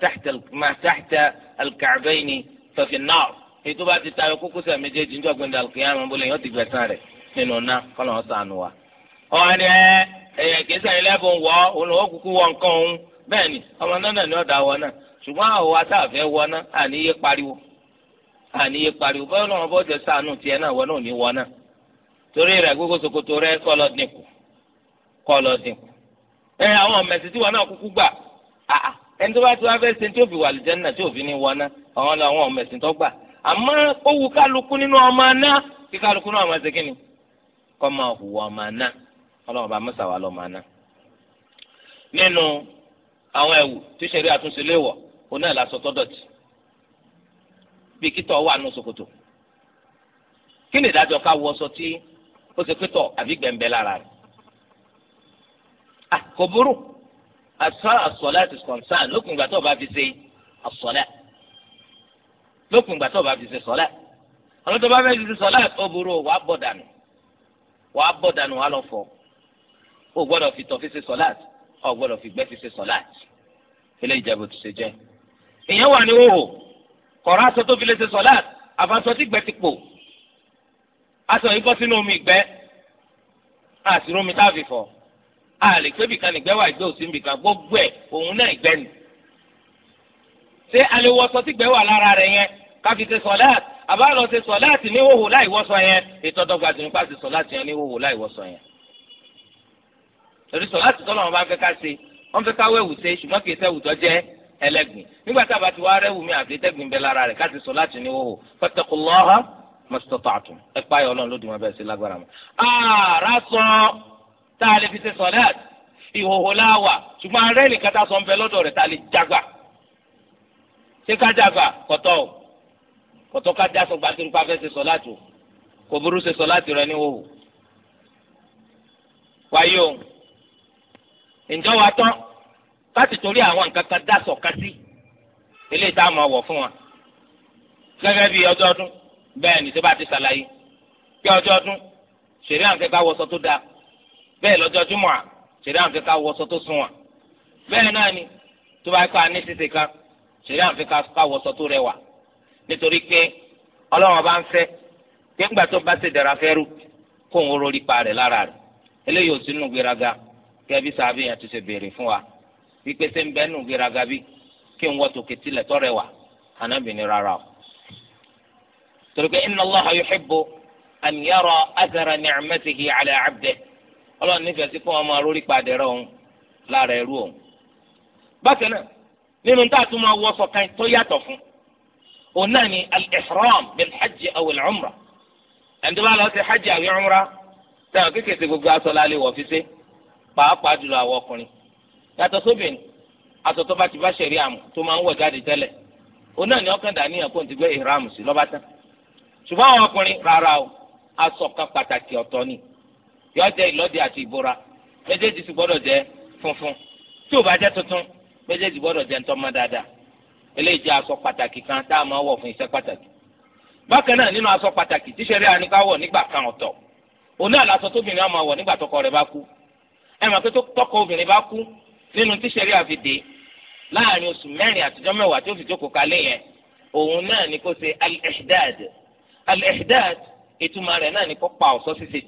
تحت ما تحت الكعبين ففي النار ètò bá ti tayọ kókósẹ̀ méjèèjì níjọ́ gbẹndà kìíyàn àwọn ọmọbìnrin yóò ti gbẹ̀san rẹ̀ nínú ná kọlọ wọn sànù wa. ọ̀hún ni ẹ ẹ̀yẹ kìíṣà ẹlẹ́bùn wọ olùwọ́ kúkú wọ nǹkan òun bẹ́ẹ̀ ni ọmọ náà ni ọ̀dà wọ náà ṣùgbọ́n àwọn asáfẹ́ wọ náà àníyé pariwo àníyé pariwo bẹ́ẹ̀ náà bọ́ jẹ sànù tiẹ̀ náà wọ náà ní wọ náà torí rẹ̀ gbogbo ṣòkòtò rẹ̀ kọlọ dínkù kọlọ dínkù ẹ àwọn mẹ̀sì tí wọn náà kúkú gbà áà ẹni tó bá ti wá fẹ́ sin tí ó fi wà lìjẹ́nà tí ò fi ní wọná àwọn làwọn ọmọ ẹ̀sìn tó gbà àmọ́ ó wu kálukú nínú ọmọ aná kí kálukú náà máa ṣe kí ni kọ́ máa hùwà ọmọ aná ọlọ́run bá mọ́sà wà lọ́mọ aná. nínú àwọn ẹ̀wù tí sẹ́rí àtúnṣe léwọ̀ oná ìlàsọ tọ́dọ̀tì bí kítọ̀ wà nù ṣòkòtò kí ni ìdájọ́ ká wọ ọsọ tí ó ṣe pétọ̀ àbí gbẹ̀ǹbẹ̀ lára rẹ̀ ah, kò burú as far as solat is concerned lókun ìgbà tó o bá fi ṣe as-solat lókun ìgbà tó o bá fi ṣe solat àwọn tó bá fẹ́ fi ṣe solat ó burú wàá bọ̀ dànù wàá bọ̀ dànù wàá lọ fọ o gbọ́dọ̀ fi tọ̀ fi ṣe solat o gbọ́dọ̀ fi gbẹ́ fi ṣe solat ilé ìjẹ́bù tó ṣe jẹ́ ìyẹn wà ní wòwò kọ̀ọ̀rọ̀ aṣọ tó fi lè ṣe solat àfàṣọ tí gbẹ ti pò aṣọ yìí bọ́ sínú omi ìgbẹ́ a lè pé bìkan nìgbẹ́ wà gbé òsì nìkan gbogbo ẹ̀ òun náà ìgbẹ́ ni. ṣé aliwọsọ tí gbẹ́ wà lára rẹ̀ yẹn káfi ṣe sọ̀láàtì àbá lọ ṣe sọ̀láàtì ní hòhò láì wọ́sọ yẹn ètò ọ̀dọ́gba ti nípa ṣe sọ̀láàtì yẹn ní hòhò láì wọ́sọ yẹn. torí sọ̀láàtì tọ́lọ̀ wọn bá fẹ́ ká ṣe wọ́n fẹ́ ká wẹ̀wù ṣe ṣùgbọ́n kì í ṣẹ́wù tó jẹ́ ẹlẹ́gbìn nígbà tá a bá ti wá rẹ́wù mi àti tẹ́gbìn bẹ lára rẹ̀ ká ṣe sọ̀láàtì ní hòhò fattaqullaha mastata'tum ẹ páyọ̀ ọlọ́run ló dì wọ́n bẹ́ẹ̀ sí lágbára mọ́. ààrà tá a lè fi ṣe sọ̀láàt ìhòhò láwà ṣùgbọ́n arẹ́ nìkan tá a sọ ń bẹ lọ́dọ̀ rẹ̀ tá a lè jágbà ṣé ká jágbà kọ̀tọ́ o kọ̀tọ́ ká já sọ gbàtí nípa fẹ́ ṣe sọ̀láàt o kò burú ṣe sọ̀láàt rẹ ní wòwò. wáyé o ǹjọ́ wa tán láti torí àwọn nǹkan kan dá sọ̀ka sí eléyìí tá a máa wọ̀ fún wa gẹ́gẹ́ bí ọjọ́ ọdún bẹ́ẹ̀ ní tó bá ti ṣàlàyé bí ọjọ́ ọdún ṣèré àǹkẹ́ká wọṣọ tó dáa bẹ́ẹ̀ lọ́jọ́ júmọ̀ à ṣẹ̀rí àǹfẹ́ ká wọṣọ tó sunwọ̀n bẹ́ẹ̀ náà ni tó bá kọ́ àní ṣíṣe kan ṣẹ̀rí àǹfẹ́ ká wọṣọ tó rẹwà nítorí pé ọlọ́run bá ń fẹ́ pé ńgbà tó bá ṣe dẹ̀ra fẹ́rù kó ń rọrí pa rẹ̀ lára rẹ̀ eléyìí ò sí nù gbéraga kẹbí sàbí yẹn ti ṣe béèrè fún wa wípé ṣé ń bẹ́ ala ọlọ́run nífẹ̀ẹ́ sí kó wọn máa rórí padà rẹ òun lára ẹrú òun. bákan náà nínú tá a tún máa wọṣọ kan tó yàtọ̀ fún òun náà ni al-ihram bil hajj aw al-umra ẹni tó bá lọ sí hajj àbí umra táwọn kékeré ti gbogbo aṣọ lálẹ́ wọ̀ fi ṣe pàápàá jùlọ àwọn ọkùnrin yàtọ̀ sóbìn aṣọ tó bá ti bá ṣẹ̀rí àmù tó máa ń wọ̀ jáde tẹ́lẹ̀ òun náà ni ọkàn dàníyàn kó n ti gbé ihram sí lọ́bátán ṣùgbọ́n àwọn ọkùnrin rárá o aṣọ kan pàtàkì ọ̀tọ̀ ni yọ jẹ́ ìlọ́dẹ àti ìbora méjèèjì sì gbọ́dọ̀ jẹ́ funfun tí ò bá jẹ́ tuntun méjèèjì gbọ́dọ̀ jẹ́ ntọ́mọ dáadáa eléyìí jẹ́ aṣọ pàtàkì kan tá a máa wọ̀ fún iṣẹ́ pàtàkì bákan náà nínú aṣọ pàtàkì tíṣẹ̀rí àníkàwọ̀ nígbà kan ọ̀tọ̀ òun náà lásọ tóbìnrin á máa wọ̀ nígbà tọkọ rẹ̀ bá kú ẹ mọ̀ pé tọkọ obìnrin bá kú nínú tíṣẹ̀rí àfìdè láàrin oṣù mẹ́rin àtijọ́ mẹ́wàá tí ó fi jókòó kalẹ̀ yẹn òun náà ni kó ṣe al-ihdad al-ihdad ìtumọ̀ rẹ̀ náà ni kó pa ọ̀ṣọ́ ṣíṣe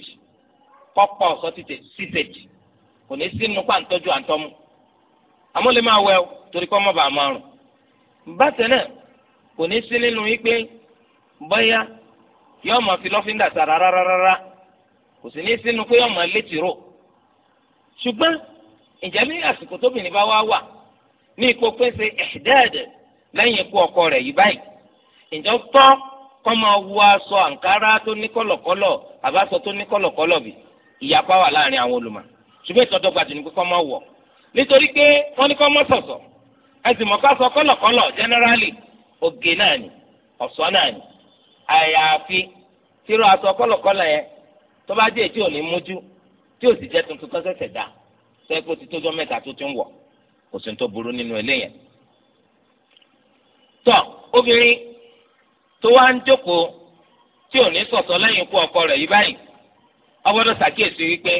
kọ́pọ̀ ọ̀sọ́ títèjì kò ní sínú pàǹtọ́jú àǹtọ́mú àmọ́ lè máa wẹ ọ torí kọ́ mọ́ba àmọ́ àrùn bákan náà kò ní sí nínú yín pé bóyá yóò fi lọ́fíńdà sára rárá kò sì ní sínú pé yóò máa létí ṣùgbọ́n ìjẹ́ ní àsìkò tóbìnrin bá wá wà ní ipò pèsè lẹ́yìn ikú ọkọ rẹ̀ yìí báyìí ìjọ tọ́ kọ́ máa wọ aṣọ ìyapa wà láàrin àwọn olùmọ̀ ṣùgbọ́n ìtọ́dọ́gba jù ní pé kọ́ mọ́ wọ̀ nítorí pé wọ́n ní kọ́ mọ́ sọ̀sọ̀ ẹ̀sìn mọ̀ká sọ kọ́lọ̀kọ́lọ̀ generally oge náà ni ọ̀sọ́ náà ni àyàfi tíró aṣọ kọ́lọ̀kọ́lọ̀ yẹn tó bá jẹ́ tí ò ní mójú tí ò sì jẹ́ tuntun tó ṣẹ̀ṣẹ̀ dá sọ pé ó ti tójọ́ mẹ́ta tó ti ń wọ̀ kò sí ní tó burú nínú eléyẹn. tọ́ obìnrin tó wá ń jókòó tí ò ní sọ̀sọ̀ lẹ́yìn ikú ọkọ rẹ̀ yìí báyìí ọgbọ́dọ̀ ṣàkíyèsí wípé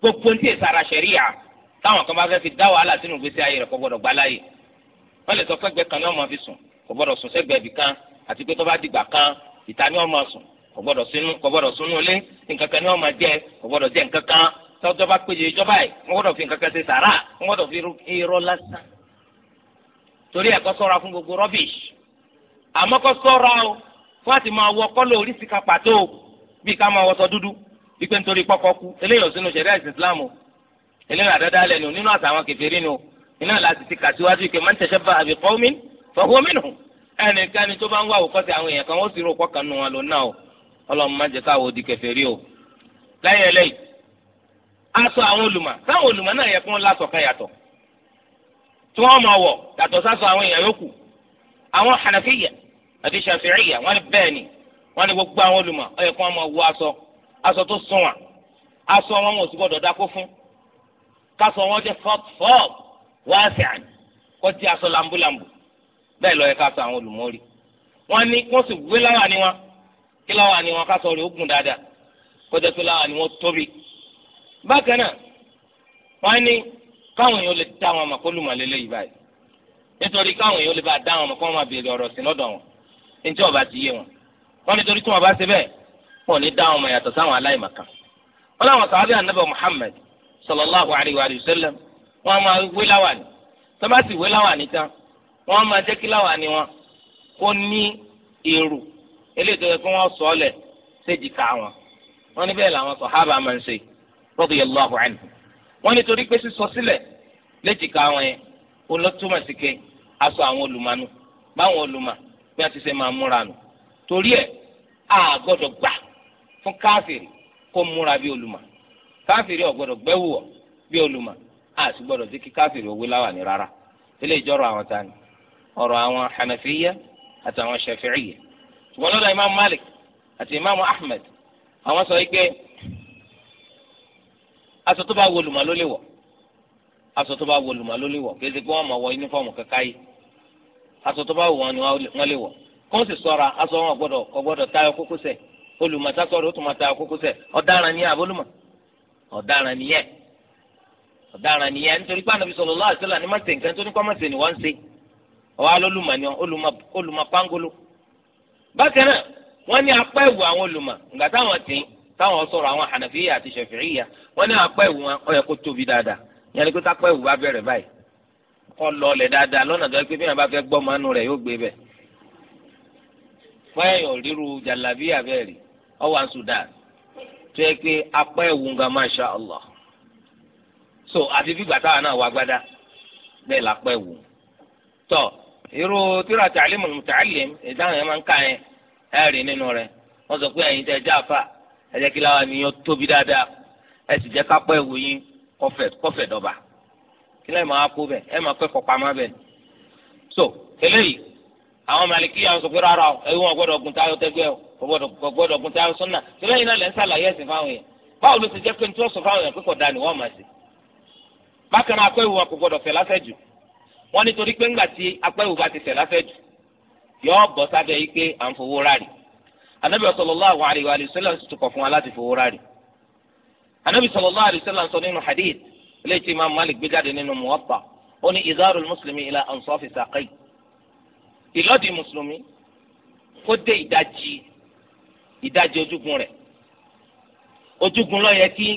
gbogbo ní èsì ara ṣẹ̀ríyà táwọn kan bá fẹ́ fi dá wàhálà sínú ìgbésí ayé rẹ̀ kò gbọ́dọ̀ gbá láàyè wọ́n lè sọ pé ẹgbẹ́ kan ní ọmọ fi sùn kò gbọ́dọ̀ sùn sẹ́gbẹ̀ẹ́ ibì kan àti pé tó bá dìgbà kan ìta ní ọmọ sùn kò gbọ́dọ̀ sínú kò gbọ́dọ̀ sínú ilé nǹkan kan ní ọmọ jẹ kò gbọ́dọ̀ jẹ nǹkan kan tọ́jọ́ bá péye ìjọba yìí wọ́n gbọ́dọ̀ fi nǹkan kan ṣe sàrà wọ́n gbọ́dọ̀ fi irọ́ lásán torí ẹ̀kọ́ sọ́ra fún gbogbo rubbish àmọ́ kọ́ sọ́ra o fún àti máa wọ kọ́lọ̀ oríṣi kan pàtó bíi ká máa wọṣọ dúdú wípé nítorí pọ́kọ́ kú eléyìí ò sínú ṣẹ̀ríà ìsìlámù eléyìí àdáda lẹ́nu nínú àṣà àwọn kèfèrí ni o iná láti ti kà síwájú ìpè man tashabbaha bi qawmin fa huwa minhum ẹnìkan tó bá ń wá òkọ́sí àwọn èèyàn kan ó sì rò pọ́ kan nù wọn lò náà o ọlọ́run má jẹ́ káwọ́ di kèfèrí o lẹ́yìn eléyìí aṣọ àwọn olùmọ̀ táwọn olùmọ̀ náà yẹ kí wọ́n láṣọ kan yàtọ̀ tí wọ́n máa wọ̀ yàtọ̀ sáṣọ àwọn èèyàn yòókù àwọn Hanafiyya àti Shafi'iyya wọ́n bẹ́ẹ̀ ni wọ́n ní gbogbo àwọn olùmọ̀ ó yẹ kí wọ́n máa wọ aṣọ aṣọ tó sunwọ̀n aṣọ wọn ò sì gbọdọ̀ dákó fún kásọ wọn jẹ fọfọf wáṣẹ àná kọjá aṣọ làǹbùlàǹbù bẹ́ẹ̀ lọ yẹ ká sọ àwọn olùmọrí wọn ní wọn sì wé láwà ni wọn kí láwà ni wọn kásọ rẹ ó gùn dáadáa kọjá pé láwà ni wọn tóbi bákan náà wọn ní káwọn èèyàn lè dá wọn mọ̀ kó lùmọ lélẹ yìí báyìí nítorí káwọn èèyàn lè bá dá wọn mọ̀ kó wọn máa béèrè ọ̀rọ̀ sí lọ́dọ̀ wọn ẹnjẹ ọba ti yé wọn wọn nítorí tí wọn bá ṣe bẹ́ẹ̀ wọn ò ní dáhùn mọ̀ yàtọ̀ sáwọn aláìmọ̀kan wọn làwọn sàábì ànábì Muhammad sallallahu alayhi wa sallam wọn máa wé láwàní tó bá sì wé láwàní tán wọn máa jẹ́ kí láwàní wọn kó ní èrò eléyìí tó yẹ kí wọ́n sọ ọ́ lẹ̀ séjìká wọn wọn ní bẹ́ẹ̀ làwọn sàhábà máa ń ṣe radiyallahu anhu wọn nítorí pé sísọ sílẹ̀ léjìká wọn yẹn olótúmọ̀ sí ke aṣọ àwọn olùmọ̀nù báwọn olùmọ̀ bí wọ́n ti ṣe máa múra nù torí ẹ̀ a gbà fún káfíìrì kó múra bí olùmọ̀ káfíìrì ò gbọ́dọ̀ gbẹ́wò bí olùmọ̀ àti gbọ́dọ̀ sí kí káfíìrì owó láwà ní rárá ilé ìjọrọ àwọn ta ni ọ̀rọ̀ àwọn hanafiya imam malik àti imam ahmed àwọn sọ pé aṣọ tó bá wọ olùmọ̀ ló lè wọ̀ aṣọ tó bá wọ olùmọ̀ ló lè pé wọ kankan yìí aṣọ tó bá wọ wọn ni lè olùmọ̀sákọ̀rọ̀ ó tún máa ta àkókò sẹ̀ ọ̀daràn ni àbólùmọ̀ ọ̀daràn ni yẹ ọ̀daràn ni yẹ nítorí pé ànábi ni má ṣe nǹkan tó ní kọ́ má ṣe ni wọ́n ń ṣe ọ̀wá lọ́lùmọ̀ ni olùmọ̀ pangolo. bákan náà wọ́n ní apá ẹ̀wù àwọn olùmọ̀ ǹgbà táwọn tì táwọn sọ̀rọ̀ àwọn hànàfíyà àti ṣẹ̀fìríyà wọ́n ní apá ẹ̀wù wọn ọwọ́ Sudan tó yẹ pé apá nga masha Allah so àti fìgbà táwa náà wà gbádá bẹ́ẹ̀ lápá ẹ̀wù tọ irú tíra tàlímù tàlím ìdáhùn yẹn máa ń ka yẹn ẹ rí nínú rẹ wọ́n sọ pé ẹ̀yin tẹ́ ẹ jẹ́ ẹ jẹ́ kí láwa nìyẹn tóbi dáadáa ẹ sì jẹ́ kápá ẹ̀wù yín kọfẹ kọfẹ dọba máa kó bẹ ẹ máa kọ́ bẹ. so eléyìí àwọn malikiya sọ pé rárá o wọn gun gbọ́dọ̀ gbọ́dọ̀ kúta sunna tí lẹ́yìn náà lẹ ń sàlàyé ẹsìn fáwọn yẹn báwo ló ti jẹ pé ní tí wọn sọ fáwọn yẹn pé kò da ni wọn máa ṣe bákan náà apẹ́wò wọn kò gbọ́dọ̀ fẹ̀ láfẹ́ jù wọn nítorí pé ńgbà tí apẹ́wò bá ti fẹ̀ láfẹ́ jù yọ bọ́ sábẹ́ yìí pé à ń fowó rárì anabi sallallahu alaihi wa sallam ti tukọ̀ fún wa láti fowó rárì anabi sallallahu alaihi wa sallam sọ nínú hadith ilé tí imaamu malik gbé jáde nínú muwatta ó ní izarul muslimi ila ansafi saqai ìlọ́dì mùsùlùmí kó dé ìdajì ìdajì ojúgun rẹ̀ ojúgun ló yẹ kí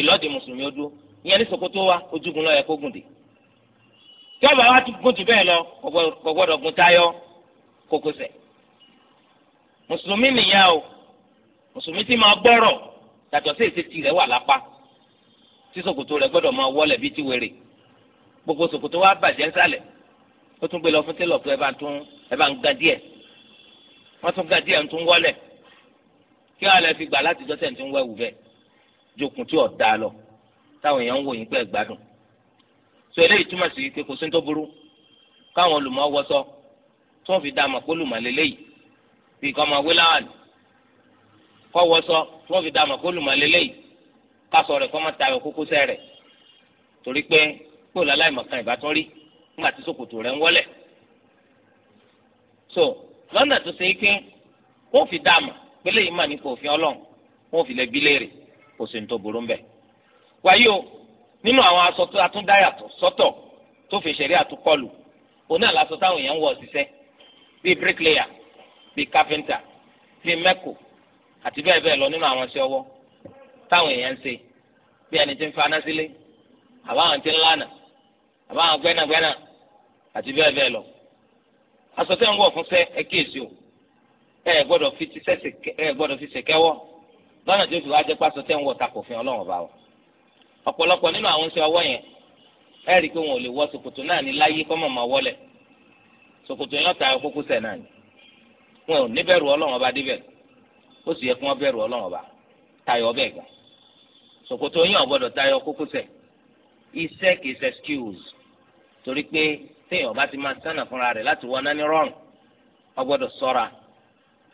ìlọ́dì mùsùlùmí ó dúró ìyẹn ní Sokoto wa ojúgun ló yẹ kó gùn dé tí ọba wa ti gùn jù bẹ́ẹ̀ lọ kò gbọ́dọ̀ gùn táyọ kókósẹ̀ mùsùlùmí nìyẹn o mùsùlùmí ti máa gbọ́rọ̀ yàtọ̀ sí èsì tirẹ̀ wà lápá tí ṣòkòtò rẹ̀ gbọ́dọ̀ máa wọlẹ̀ bíi ti wèrè gbogbo ṣòkòtò wa bàjẹ́ nsàlẹ̀ ó tún gbé lọ fún télọ̀ pé ẹ bá ń gan díẹ̀ wọ́n tún gan díẹ̀ ń tún wọlẹ̀ kí wọn lè fi gbà láti jọ sẹ́ni tí ń wẹ̀wù bẹ́ẹ̀ jokùn tí ọ̀dà lọ táwọn èèyàn ń wò yín pé ẹ̀ gbádùn. sọ eléyìí túmọ̀ sí pé kò sí tó burú káwọn olùmọ̀ wọṣọ tí wọ́n fi dá àmọ̀ pé olùmọ̀ lélẹ́yìí bí kò máa wé tí wọ́n fi dá àmọ̀ pé olùmọ̀ lélẹ́yìí kásọ rẹ̀ kọ́ máa tayọ kókósẹ́ rẹ̀ torí pé kóòlù aláìmọ̀kan ìbátan rí nígbà tí ṣòkòtò rẹ̀ ń wọ́lẹ̀. so lọ́nà tó ṣe é pé wọ́n fi dá àmọ̀ pé lẹ́yìn mà nípa òfin ọlọ́run wọn ò fi lẹ́bi léèrè kò sì ń tó burú ń bẹ̀. wáyé o nínú àwọn aṣọ tó atúndáyàtọ̀ sọ́tọ̀ tó fi ṣẹ̀rí àtúkọlù òun náà láṣọ táwọn èèyàn ń wọ̀ ṣiṣẹ́ bíi bricklayer bíi carpenter bíi mẹ́kò àti bẹ́ẹ̀ bẹ́ẹ̀ lọ nínú àwọn iṣẹ́ ọwọ́ táwọn èèyàn ń ṣe bí ẹni tí ń faná sílé àbáwọn tí ń lánà àbáwọn gbẹ́nàgbẹ́nà àti bẹ́ẹ̀ bẹ́ẹ̀ lọ. aṣọ tẹ́ ń wọ̀ fún sẹ́ ẹ kíyèsí o ẹ gbọ́dọ̀ fi ti sẹsẹ ẹ gbọ́dọ̀ fi sèkẹwọ lọ́nà tó fi wá jẹ pásọ tẹ ń ọ̀pọ̀lọpọ̀ nínú àwọn ọwọ́ yẹn ẹ rí i pé wọn ò lè wọ ṣòkòtò náà ní láyé kọmọ máa ṣòkòtò yẹn ọta kókó sẹ náà ni wọn ò ní yẹ kí wọn tayọ bẹ́ẹ̀ gan sẹ kìí ṣe excuse torí pé téèyàn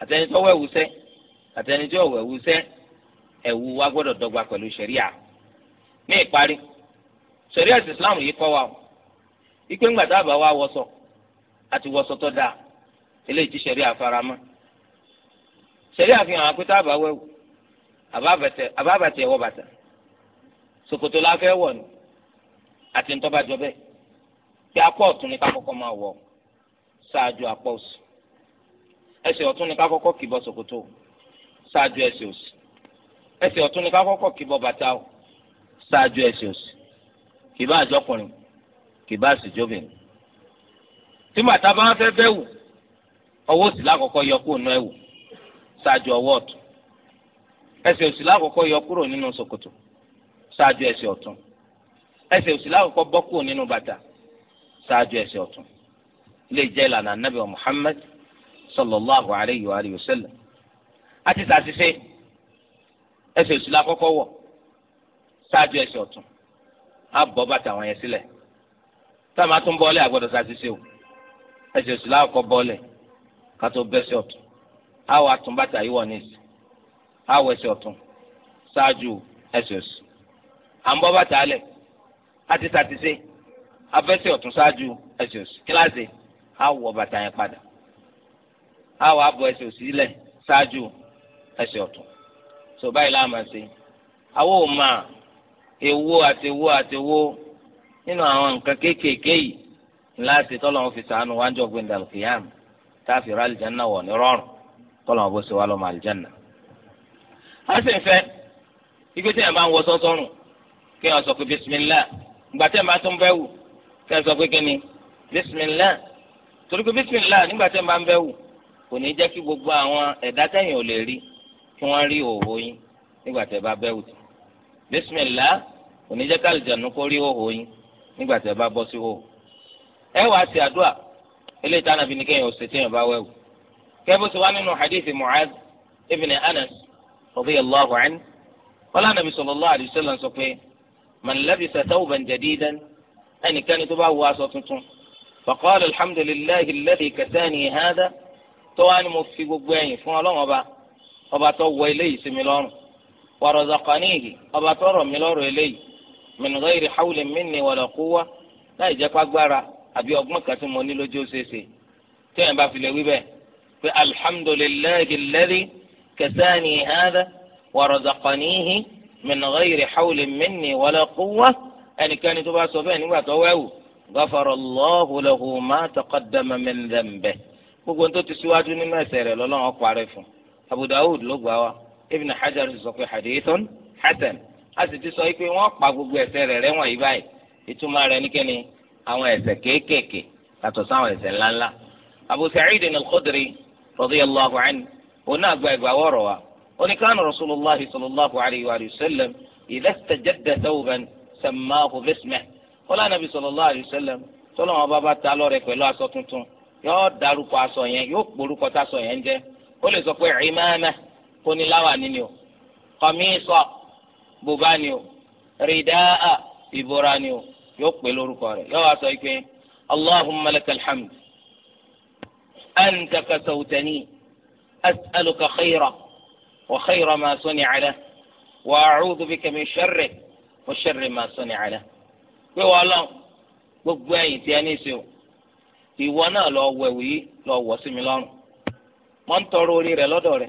àtẹni tó wẹ̀wù sẹ́ àtẹni tó wẹ̀wù sẹ́ ẹ̀wù wa gbọ́dọ̀ dọ́gba pẹ̀lú ṣẹ̀ríà ní ìparí ṣẹ̀ríà ti Islam yìí kọ́ wa o ikú ńgbà tá a bá wa wọṣọ àti wọṣọ tó dáa eléyìí ti ṣẹ̀ríà faramọ́ ṣẹ̀ríà fi hàn wá pé tá a bá wẹ̀wù àbábàtẹ̀ ẹ̀wọ̀ bàtà ṣòkòtò la fẹ́ wọ̀ ni àti ntọ́bàjọ́ bẹ́ẹ̀ pé akọ́ ọ̀tún ní ká kọ́kọ́ máa wọ̀ ṣáájú apọ́ òsì ẹsẹ̀ ọ̀tún ni ká kọ́kọ́ kìbọ ṣòkòtò ṣáájú ẹsẹ̀ òsì ẹsẹ̀ ọ̀tún ni ká kọ́kọ́ kìbọ bàtà o ṣáájú ẹsẹ̀ òsì kìbá àjọkùnrin kìbá àṣìjọbìnrin tí bàtà bá ń fẹ́ fẹ́ wù ọwọ́ òsì lákọ̀ọ́kọ́ yọ kúrò náà ẹ̀wù ṣáájú ọwọ́ ọ̀tún ẹsẹ̀ òsì lákọ̀ọ́kọ́ yọ kúrò nínú ṣòkòtò ṣáájú ẹsẹ̀ ọ̀tún ẹsẹ̀ òsì lákọ̀ọ́kọ́ bọ́ kúrò nínú bàtà ṣáájú ẹsẹ̀ ọ̀tún ilé ìjẹ́ ìlànà Ànábì Muhammad sallallahu alayhi wa alihi wa sallam àti sàṣìṣe ẹsẹ̀ òsì la kọ́kọ́ wọ̀ ṣáájú ẹsẹ̀ ọ̀tún á bọ́ bàtà wọn yẹn sílẹ̀ táwọn atún bọ́ọ̀lẹ̀ àgbọ̀dọ̀ sàṣìṣe o ẹsẹ̀ òsì la kọ́kọ́ bọ́ọ̀lẹ̀ kátó bẹ́sẹ̀ ọ̀tún á wọ atún bàtà yìí wọ̀ ní ìsìn á wọ ṣáájú ẹsẹ̀ òsì à bàtà alẹ̀ àti sàṣìṣe abẹ́sẹ̀ ọ̀tún ṣáájú ẹsẹ̀ òsì kíláàsì á bàtà yẹn padà á wà á bọ ẹsẹ̀ òsì lẹ̀ ṣáájú ẹsẹ̀ ọ̀tún tó báyìí láàmà sí àwọn ò mà èwo àti èwo àti èwo nínú àwọn nǹkan kéékèèké yìí láti tọ́lọ́wọ́n fi sàánú wájú ọ̀gbìn dàlùkìyàm táàfin rà àlìjáná wọ̀ ní rọrùn tọ́lọ́wọ́n bó ṣe wà lọ́mọ àlìjáná. a sì ń fẹ́ ibi tí ẹ̀ máa ń wọ sọ́sọ́rùn kí wọ́n sọ pé bisimilá ìgbà tí ẹ̀ máa tún bẹ́ wù kí wọ́n sọ pé kí ni bisimilá torí pé bisimilá nígbà tí ẹ̀ máa ń bẹ́ wù kò ní jẹ́ kí gbogbo àwọn ẹ̀dá tẹ̀yìn ò lè rí kí wọ́n rí òhò yín nígbà tẹ́ bá bẹ́ẹ̀ wùtí bísímìlá kò ní jẹ́ kí àlùjànnú kó rí òhò yín nígbà tẹ́ bá bọ́ sí hò. ẹ wàá ṣe àdúrà eléyìí tá ànàbí ni kéèyàn ò ṣe téèyàn bá wẹ̀wù. kẹ́bí ti wá nínú hadithi mu'adh ibn anas radiyallahu anhu wọ́n lánàbí sallallahu alayhi wa sọ pé man labisa thawban jadidan ẹnikẹ́ni tó bá wọ aṣọ tuntun faqala alhamdulillahi alladhi tó wá ní mo fi gbogbo ẹ̀yìn fún ọlọ́run ọba ọba tó wọ eléyìí sí mi lọ́rùn wa razaqanihi ọba tó rọ̀ mí lọ́rùn eléyìí min ghairi hawlin minni wala quwwa láì jẹ́ pàgbára àbí ọgbọ́n kan tí mo ní lójú ṣeéṣe téèyàn bá fi lè wí bẹ́ẹ̀ pé alhamdulillahi alladhi kasani hadha wa razaqanihi min ghairi hawlin minni wala quwwa ẹnikẹ́ni tó bá sọ bẹ́ẹ̀ gbogbo tó ti síwájú nínú ẹsẹ̀ rẹ̀ lọ́lọ́run parẹ́ fún Abu Dawud ló gbà wá Ibn Hajar sọ pé hadithun hasan a sì ti sọ pé wọ́n pa gbogbo ẹsẹ̀ rẹ̀ rẹ́wọ̀n yìí báyìí ìtumọ̀ rẹ̀ nìkẹ́ni àwọn ẹsẹ̀ kéékèèké yàtọ̀ sáwọn ẹsẹ̀ ńláńlá Abu Sa'id al-Khudri radiyallahu anhu òun náà gba ìgbà wọ̀rọ̀ wa oníkanu rasulillah sallallahu alayhi wa sallam idha istajadda thawban sammahu bismihi qala sallallahu alayhi wa sallam tọ́lọ́mọba bá ta lọ́rẹ̀ pẹ̀lú aṣọ tuntun yóò darúkọ aṣọ yẹn yóò porúkọ taṣọ yẹn jẹ ó lè sọ pé ìmáàmà kó ní láwàní ni o kọmíìsọ bùbá ni o rìdáà ìbora ni o yóò pè lórúkọ rẹ̀ yóò wá sọ pé allahumma lakal hamd anta kasawtani as'aluka khayra wa khayra ma suni'a lahu wa a'udhu bika min sharri wa sharri ma suni'a lahu pé wàá gbogbo ẹ̀yin tí a ní í ìwọ náà lọ wọ ẹ̀wù lọ wọ sí mi lọ́rùn ń tọrọ orí rẹ lọ́dọ̀ rẹ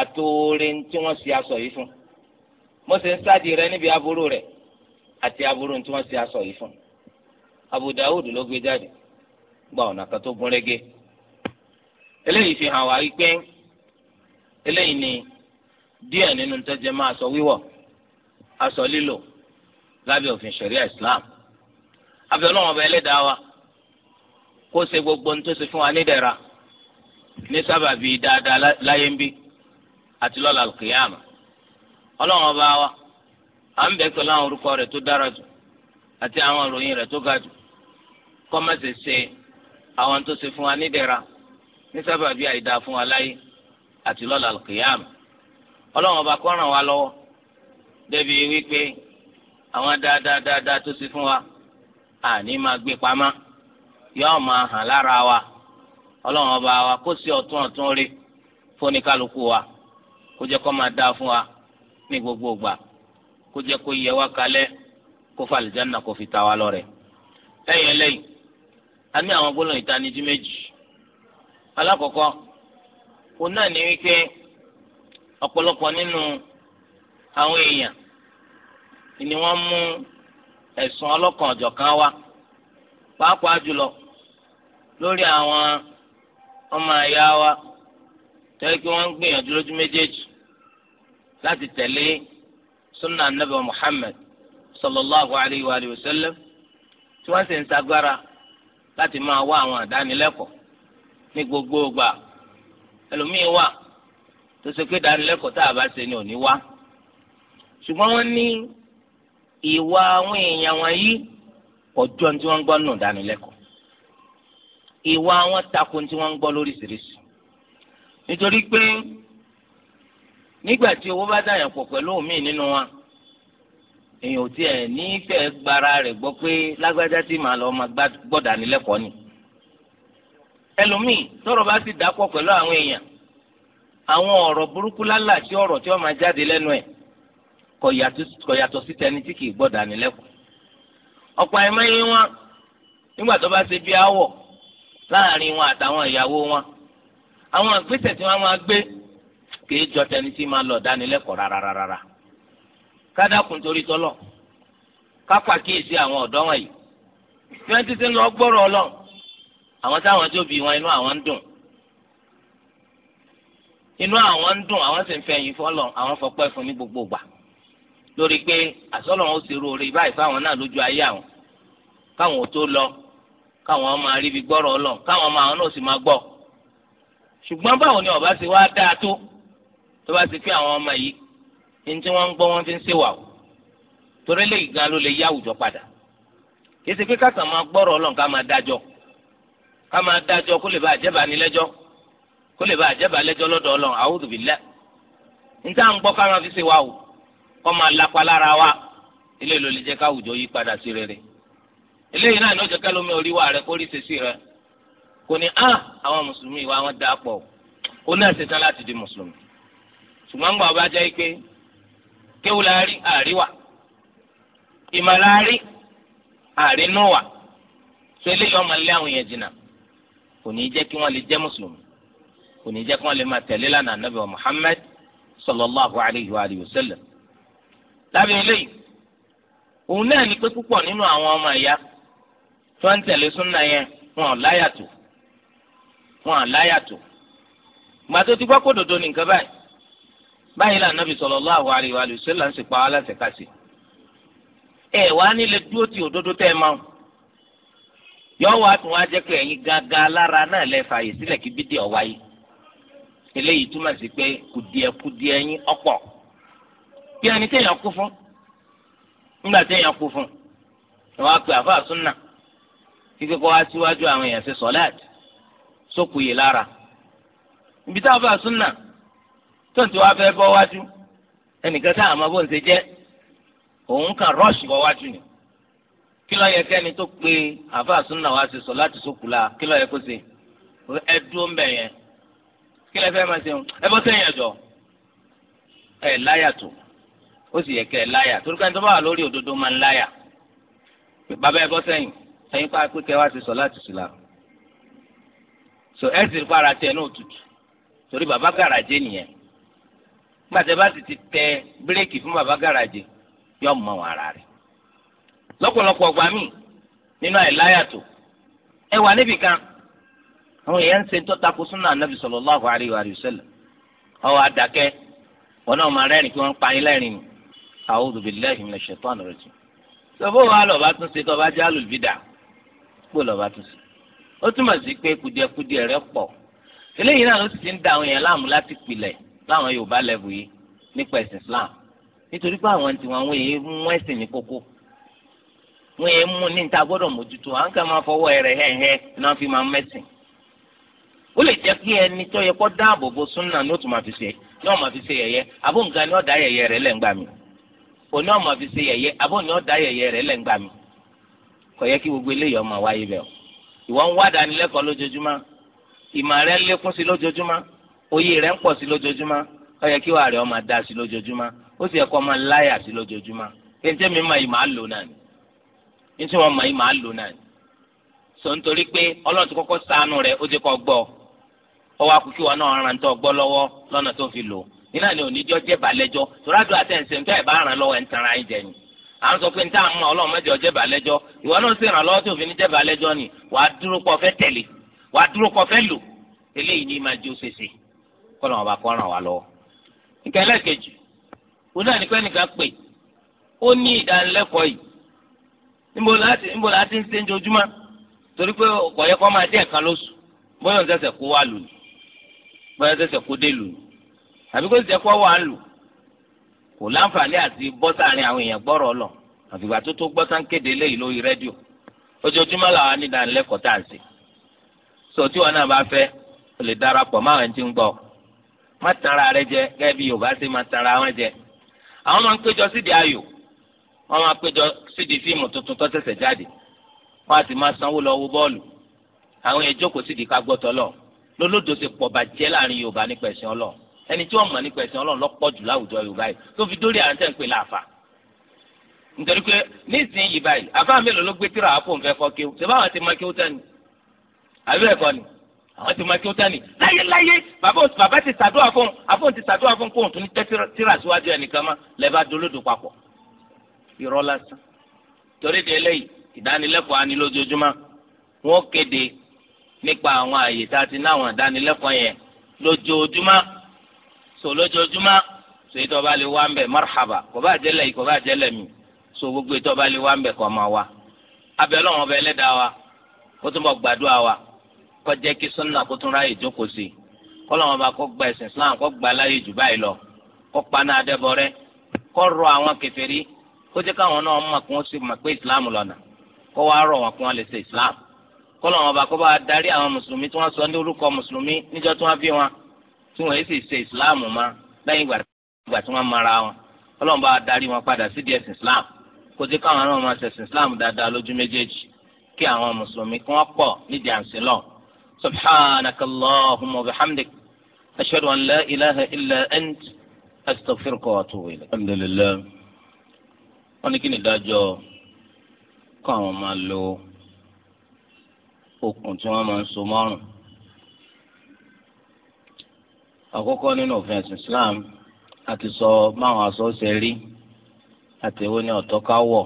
àti oore tí wọ́n ṣe aṣọ yìí fún mo sì ń sáàdì rẹ níbi aburú rẹ àti aburú tí wọ́n ṣe aṣọ yìí fún Abu Dawud ló gbé jáde gba ọ̀nà kan tó gún régé eléyìí fi hàn wá wípé eléyìí ni díẹ̀ nínú tó jẹ sọ aṣọ wíwọ̀ aṣọ lílò lábẹ́ òfin ṣẹ̀ríà Islam abẹ́ ọlọ́wọ́n ọba ẹlẹ́dàá wa. kó ṣe gbogbo ní tó ṣe fún wa nídẹ̀ra ní sábàbí dáadáa láyé ń bí àti lọ́la kìyàmà ọlọ́run ọba wa à ń bẹ̀ pẹ̀lú àwọn orúkọ rẹ̀ tó dára jù àti àwọn ìròyìn rẹ̀ tó ga jù kó má ṣe ṣe àwọn tó ṣe fún wa nídẹ̀ra ní sábàbí àìdá fún wa láyé àti lọ́la kìyàmà ọlọ́run ọba kó ràn wá lọ́wọ́ débi wípé àwọn dáadáa dáadáa tó ṣe fún wa àní máa gbé pamọ́. yóò máa hàn lára wa ọlọ́run ọba wa kó sí ọ̀tún ọ̀tún rí fóníkálukú wa kó jẹ́ kó máa dáa fún wa ní gbogbo ìgbà kó jẹ́ kó yẹ wá kalẹ̀ kó fa kó fi ta wa lọ́rẹ. lẹ́yìn eléyìí a ní àwọn gbólóhùn ìtanijí méjì alákọ̀ọ́kọ́ òun náà ní wípé ọ̀pọ̀lọpọ̀ nínú àwọn èèyàn ni wọ́n mú ẹ̀sùn ọlọ́kan ọ̀jọ̀kan lórí àwọn ọmọ àyà wa tẹ́lẹ̀ kí wọ́n gbìyànjú lójú méjèèjì láti tẹ̀lé sunna anabi muhammed sallallahu alayhi wa sallam tí wọ́n sì ń sagbára láti máa wá àwọn àdánilẹ́kọ̀ọ́ ní gbogbo ìgbà ẹlòmíín wà tó ṣe pé ìdánilẹ́kọ̀ọ́ tá a bá ṣe ni ò ní wá ṣùgbọ́n wọ́n ní ìwà àwọn èèyàn wọ̀nyí ọjọ́ tí wọ́n ń gbọ́ nù ìdánilẹ́kọ̀ọ́ ìwà wọn takò tí wọ́n ń gbọ́ lóríṣiríṣi nítorí pé nígbà tí owó bá dàyàn pọ̀ pẹ̀lú òmíì nínú wa èèyàn ò tiẹ̀ nífẹ̀ẹ́ gbára rẹ̀ gbọ́ pé lágbájá tí màá lọ máa gbọ́dà nílẹ́kọ̀ọ́ ni ẹlòmíì tọ́rọ̀ bá sì dápọ̀ pẹ̀lú àwọn èèyàn àwọn ọ̀rọ̀ burúkú lálàtí ọ̀rọ̀ tí wọ́n máa jáde lẹ́nu ẹ̀ kò yàtọ̀ sí tẹni tí kì í gbọ́dà nílẹ́kọ̀ọ́ ọ̀pọ̀ àìmọye wọn nígbà tó bá ṣe bí awọ̀ láàrin wọn àtàwọn ìyàwó wọn àwọn ìgbésẹ̀ tí wọ́n máa gbé kì í jọ tẹni tí máa lọ dánilẹ́kọ̀ọ́ rárá kádàkùn torí tọ́lọ̀ kápákíyèsí àwọn ọ̀dọ́ wọ̀nyí bí wọ́n ti ti ń lọ gbọ́rọ̀ ọlọ́run àwọn táwọn tó bí wọn inú àwọn ń dùn inú àwọn ń dùn àwọn sì ń fẹ̀yìn fọlọ̀ àwọn fọpẹ́ fún ní gbogbo gbà lórí pé àsọlọ́run ó ti rú orí báyìí fáwọn náà lójú ayé àwọn káwọn ò tó lọ káwọn máa ríbi gbọ́rọ̀ ọlọ́run káwọn máa àwọn náà sì máa gbọ́ ṣùgbọ́n báwo ni ọba ṣe wá dáa tó tó bá ti pé àwọn ọmọ yìí ní tí wọ́n ń gbọ́ wọ́n fi ń ṣèwà o torí léyìí gan ló lè yá àwùjọ padà kìí ṣe pé káàkà máa gbọ́rọ̀ ọlọ́run ká máa dájọ́ ká máa dájọ́ kó lè bá àjẹbà ní lẹ́jọ́ kó lè bá àjẹbà lẹ́jọ́ lọ́dọ̀ ọlọ́run a'udhu billah ní tá à ń gbọ́ ká fi ṣèwà o kó máa lápá lára wa ilé ìlú eléyìí náà ní ọjọ́ kẹlómi oríwá rẹ kó rí sèṣì rẹ kò ní á ah, àwọn mùsùlùmí ìwà wọn dà pọ̀ ó náà ṣetán láti di mùsùlùmí ṣùgbọ́n gbà ọba jẹ́ pé kéwù la rí àríwá ìmọ̀ la rí àrínúwà ṣe eléyìí ọmọ ilé àwọn yẹn jìnnà kò ní jẹ́ kí wọ́n lè jẹ́ mùsùlùmí kò ní jẹ́ kí wọ́n lè máa tẹ̀lé lánàá Ànábì wa Muhammad sallallahu alayhi wa alihi wa sallam lábẹ́ eléyìí òun náà ní pé púpọ̀ nínú àwọn ọmọ ìyá tí wọ́n ń tẹ̀lé súnà yẹn wọn láyàtò wọn láyàtò gbàtó ti gbọ́ kódòdó ní nǹkan báyìí báyìí là nàbì àwọn pa wá ẹ nílé dúró ti òdodo tẹ́ ẹ yọ wá tún wá jẹ́ pé ẹ̀yin náà lẹ fààyè sílẹ̀ kí bídìí eléyìí túmọ̀ sí pé yín ọ̀pọ̀ bí ẹni kú fún nígbà kú kíkẹ́ kọ́ wá síwájú àwọn èèyàn ṣe sọ́láàtì sókù yìí lára ibi tá a bá súnà tó ń ti wá fẹ́ bọ́ wájú ẹnìkan tá a bó ń ṣe jẹ́ òun kan rọ́ọ̀ṣì bọ́ wájú ni kí ló yẹ kẹ́ni tó pe àfa súnà wá ṣe sọ́láàtì sókù la kí ló yẹ kó ṣe ẹ dúró ń bẹ̀ yẹn kí lẹ fẹ́ máa ṣe ẹ bọ́ sẹ́yìn ẹ̀jọ̀ ẹ láyà tó ó sì yẹ kẹ́ láyà torí ká tó bá wà lórí òdodo máa ń láyà bàbá ẹ bọ́ sẹ́yìn ẹ̀yin pa pé kẹwàá ti sọ láti so ẹ sì ara tẹ náà tutù torí baba garaje nìyẹn gbàtẹ bá sì ti tẹ bírèkì fún baba garaje yọ mọ ara rẹ ọgbà míì nínú àìláyàtọ̀ ẹ wà níbì kan àwọn èèyàn ń ṣe tọ́tako súnà anábì sallallahu alaihi wọn náà máa kí pa yín ni sọ fún wa bá tún ṣe tó kó lọ́ba tó sí ó túmọ̀ sí pé kùdìẹ̀kùdìẹ̀ rẹ̀ pọ̀ eléyìí náà ló sì ń da àwọn yẹn láàmú láti pilẹ̀ láwọn Yorùbá lẹ́bù yìí nípa ẹ̀sìn Islam nítorí pé àwọn tiwọn àwọn èèyàn mú ẹ̀sìn ní kókó wọn èèyàn mú ní níta gbọ́dọ̀ mójútó à ń kà máa fọwọ́ ẹ̀rẹ̀ hẹ́hẹ́ náà fi máa mẹ́sìn ó lè jẹ́ kí ẹni tó yẹ kó dáàbò bo súnà ní òtún máa fi ṣe ní kò yẹ kí gbogbo eléyìí ọmọ wáyé bẹ̀ o ìwọ ń wá dánilẹ́kọ̀ọ́ lójoojúmọ́ ìmọ̀ rẹ ń lékún sí lójoojúmọ́ òye rẹ ń pọ̀ sí lójoojúmọ́ ó yẹ kí wàá rẹ ọmọ dá sí ó sì yẹ kó ọmọ láyà sí lójoojúmọ́ mi máa lò ni máa lò sọ nítorí pé ọlọ́run ti kọ́kọ́ rẹ ó ti kọ́ gbọ́ ọ wá kú kí wọn náà ràn tó gbọ́ lọ́wọ́ lọ́nà tó fi lò nílànà oníjọ́ à ń sọ pé níta àmọ́ ọlọ́run mẹ́jọ jẹ́bà lẹ́jọ́ ìwọ náà sì ràn lọ́wọ́ ni wà á dúró kọ fẹ́ tẹ̀lé wà á dúró kọ fẹ́ lò eléyìí ní máa jó ṣèṣe kọ́ lọ́wọ́ bá kọ́ ràn wá lọ́wọ́. nǹkan ẹlẹ́ẹ̀kejì òun náà ní pè ó ní ìdánilẹ́kọ̀ọ́ yìí níbo ń torí pé yẹ kọ́ máa dé ẹ̀ka lóṣù bóyá ń kó kò láǹfààní àti bọ́ sáàrin àwọn èèyàn gbọ́rọ̀ lọ àfìgbà tó tó gbọ́ sáńkéde léyìí lórí rédíò ojoojúmọ́ làwọn anídàánilẹ́kọ̀ọ́ tá à ń ṣe so tí wọn náà bá fẹ́ o lè darapọ̀ máa ń ti ń gbọ́ má tanra rẹ jẹ gẹ́gẹ́ bí yorùbá ṣe má tanra wọn jẹ àwọn máa ń péjọ sídìí ayò wọn máa péjọ sídìí fíìmù tuntun tó ṣẹ̀ṣẹ̀ jáde wọn á sì máa sanwó lọ wo bọ́ọ̀lù àwọn èèyàn jókòó sídìí ká gbọ́tọ̀ lọ lólódò ṣe pọ̀ bàjẹ́ láàrin yorùbá nípa ẹ̀sìn ọlọ́run ẹni tí wọ́n mọ̀ nípa ẹ̀sìn ọlọ́run lọ́pọ̀ jù láwùjọ yorùbá yìí tó fi dórí àwọn tẹ̀ ń pè láàfà nítorí pé nísìnyí báyìí àfà mélòó ló gbé tíra àpò nfẹ́ kọ́ kéwù ṣé báwọn ti mọ kéwù tẹ́ni àbí ẹ̀kọ́ ni àwọn ti mọ kéwù tẹ́ni láyéláyé bàbá ti ṣàdúrà fún àfọ̀n ti ṣàdúrà fún kóhùn tó ní tẹ́ tíra síwájú ẹnìkan mọ́ lẹ́ẹ̀bá dolódò papọ̀ irọ́ lásán torí de eléyìí ìdánilẹ́kọ̀ọ́ ani lójoojúmọ́ wọ́n kéde nípa àwọn àyè tá a ti náwọn ìdánilẹ́kọ̀ọ́ yẹn lójoojúmọ́ tó lójoojúmọ́ so ètò lè wá ń bẹ̀ marhaba kò bá jẹ́ lẹ́yìn kò bá jẹ́ lẹ́mí so gbogbo ètò ọba lè wá ń bẹ̀ kọ́ máa wá abẹ́lẹ́ wọn bẹ ẹlẹ́dàá wa kó tún bọ̀ gbàdúrà wa kó jẹ́ kí sunna kó tún ráyè jókòó sí i kó lọ́wọ́n bá kó gba ẹ̀sìn islam kó gba láyè jù báyìí lọ kó paná adẹ́bọrẹ́ kó rọ àwọn kèfèrí kó jẹ́ káwọn náà mọ̀ islam lọ́nà kó wá rọ̀ wọn kí islam kó lọ́wọ́n bá kó bá darí àwọn mùsùlùmí tí wọ́n sọ ní orúkọ mùsùlùmí níjọ́ tí wọ́n sì ṣe islam ma lẹ́yìn ìgbà tí wọ́n mara wọn ọlọ́run bá darí wọn padà sí díẹ̀ sí islam kó jẹ́ káwọn náà máa ṣẹ̀sìn islam dáadáa lójú méjèèjì kí àwọn mùsùlùmí kí wọ́n pọ̀ nídìí àǹsílọ̀ subhanaka allahumma wa bihamdik ashhadu an la ilaha illa ant astaghfiruka wa atubu ilayk. alhamdulillah wọ́n ní kí ni ìdájọ́ kó àwọn máa lo okùn tí wọ́n máa ń so mọ́rùn àkọ́kọ́ nínú òfin ẹ̀sìn Islam àti sọ báwọn aṣọ ṣe rí àti èwo ni ọ̀tọ́ ká wọ̀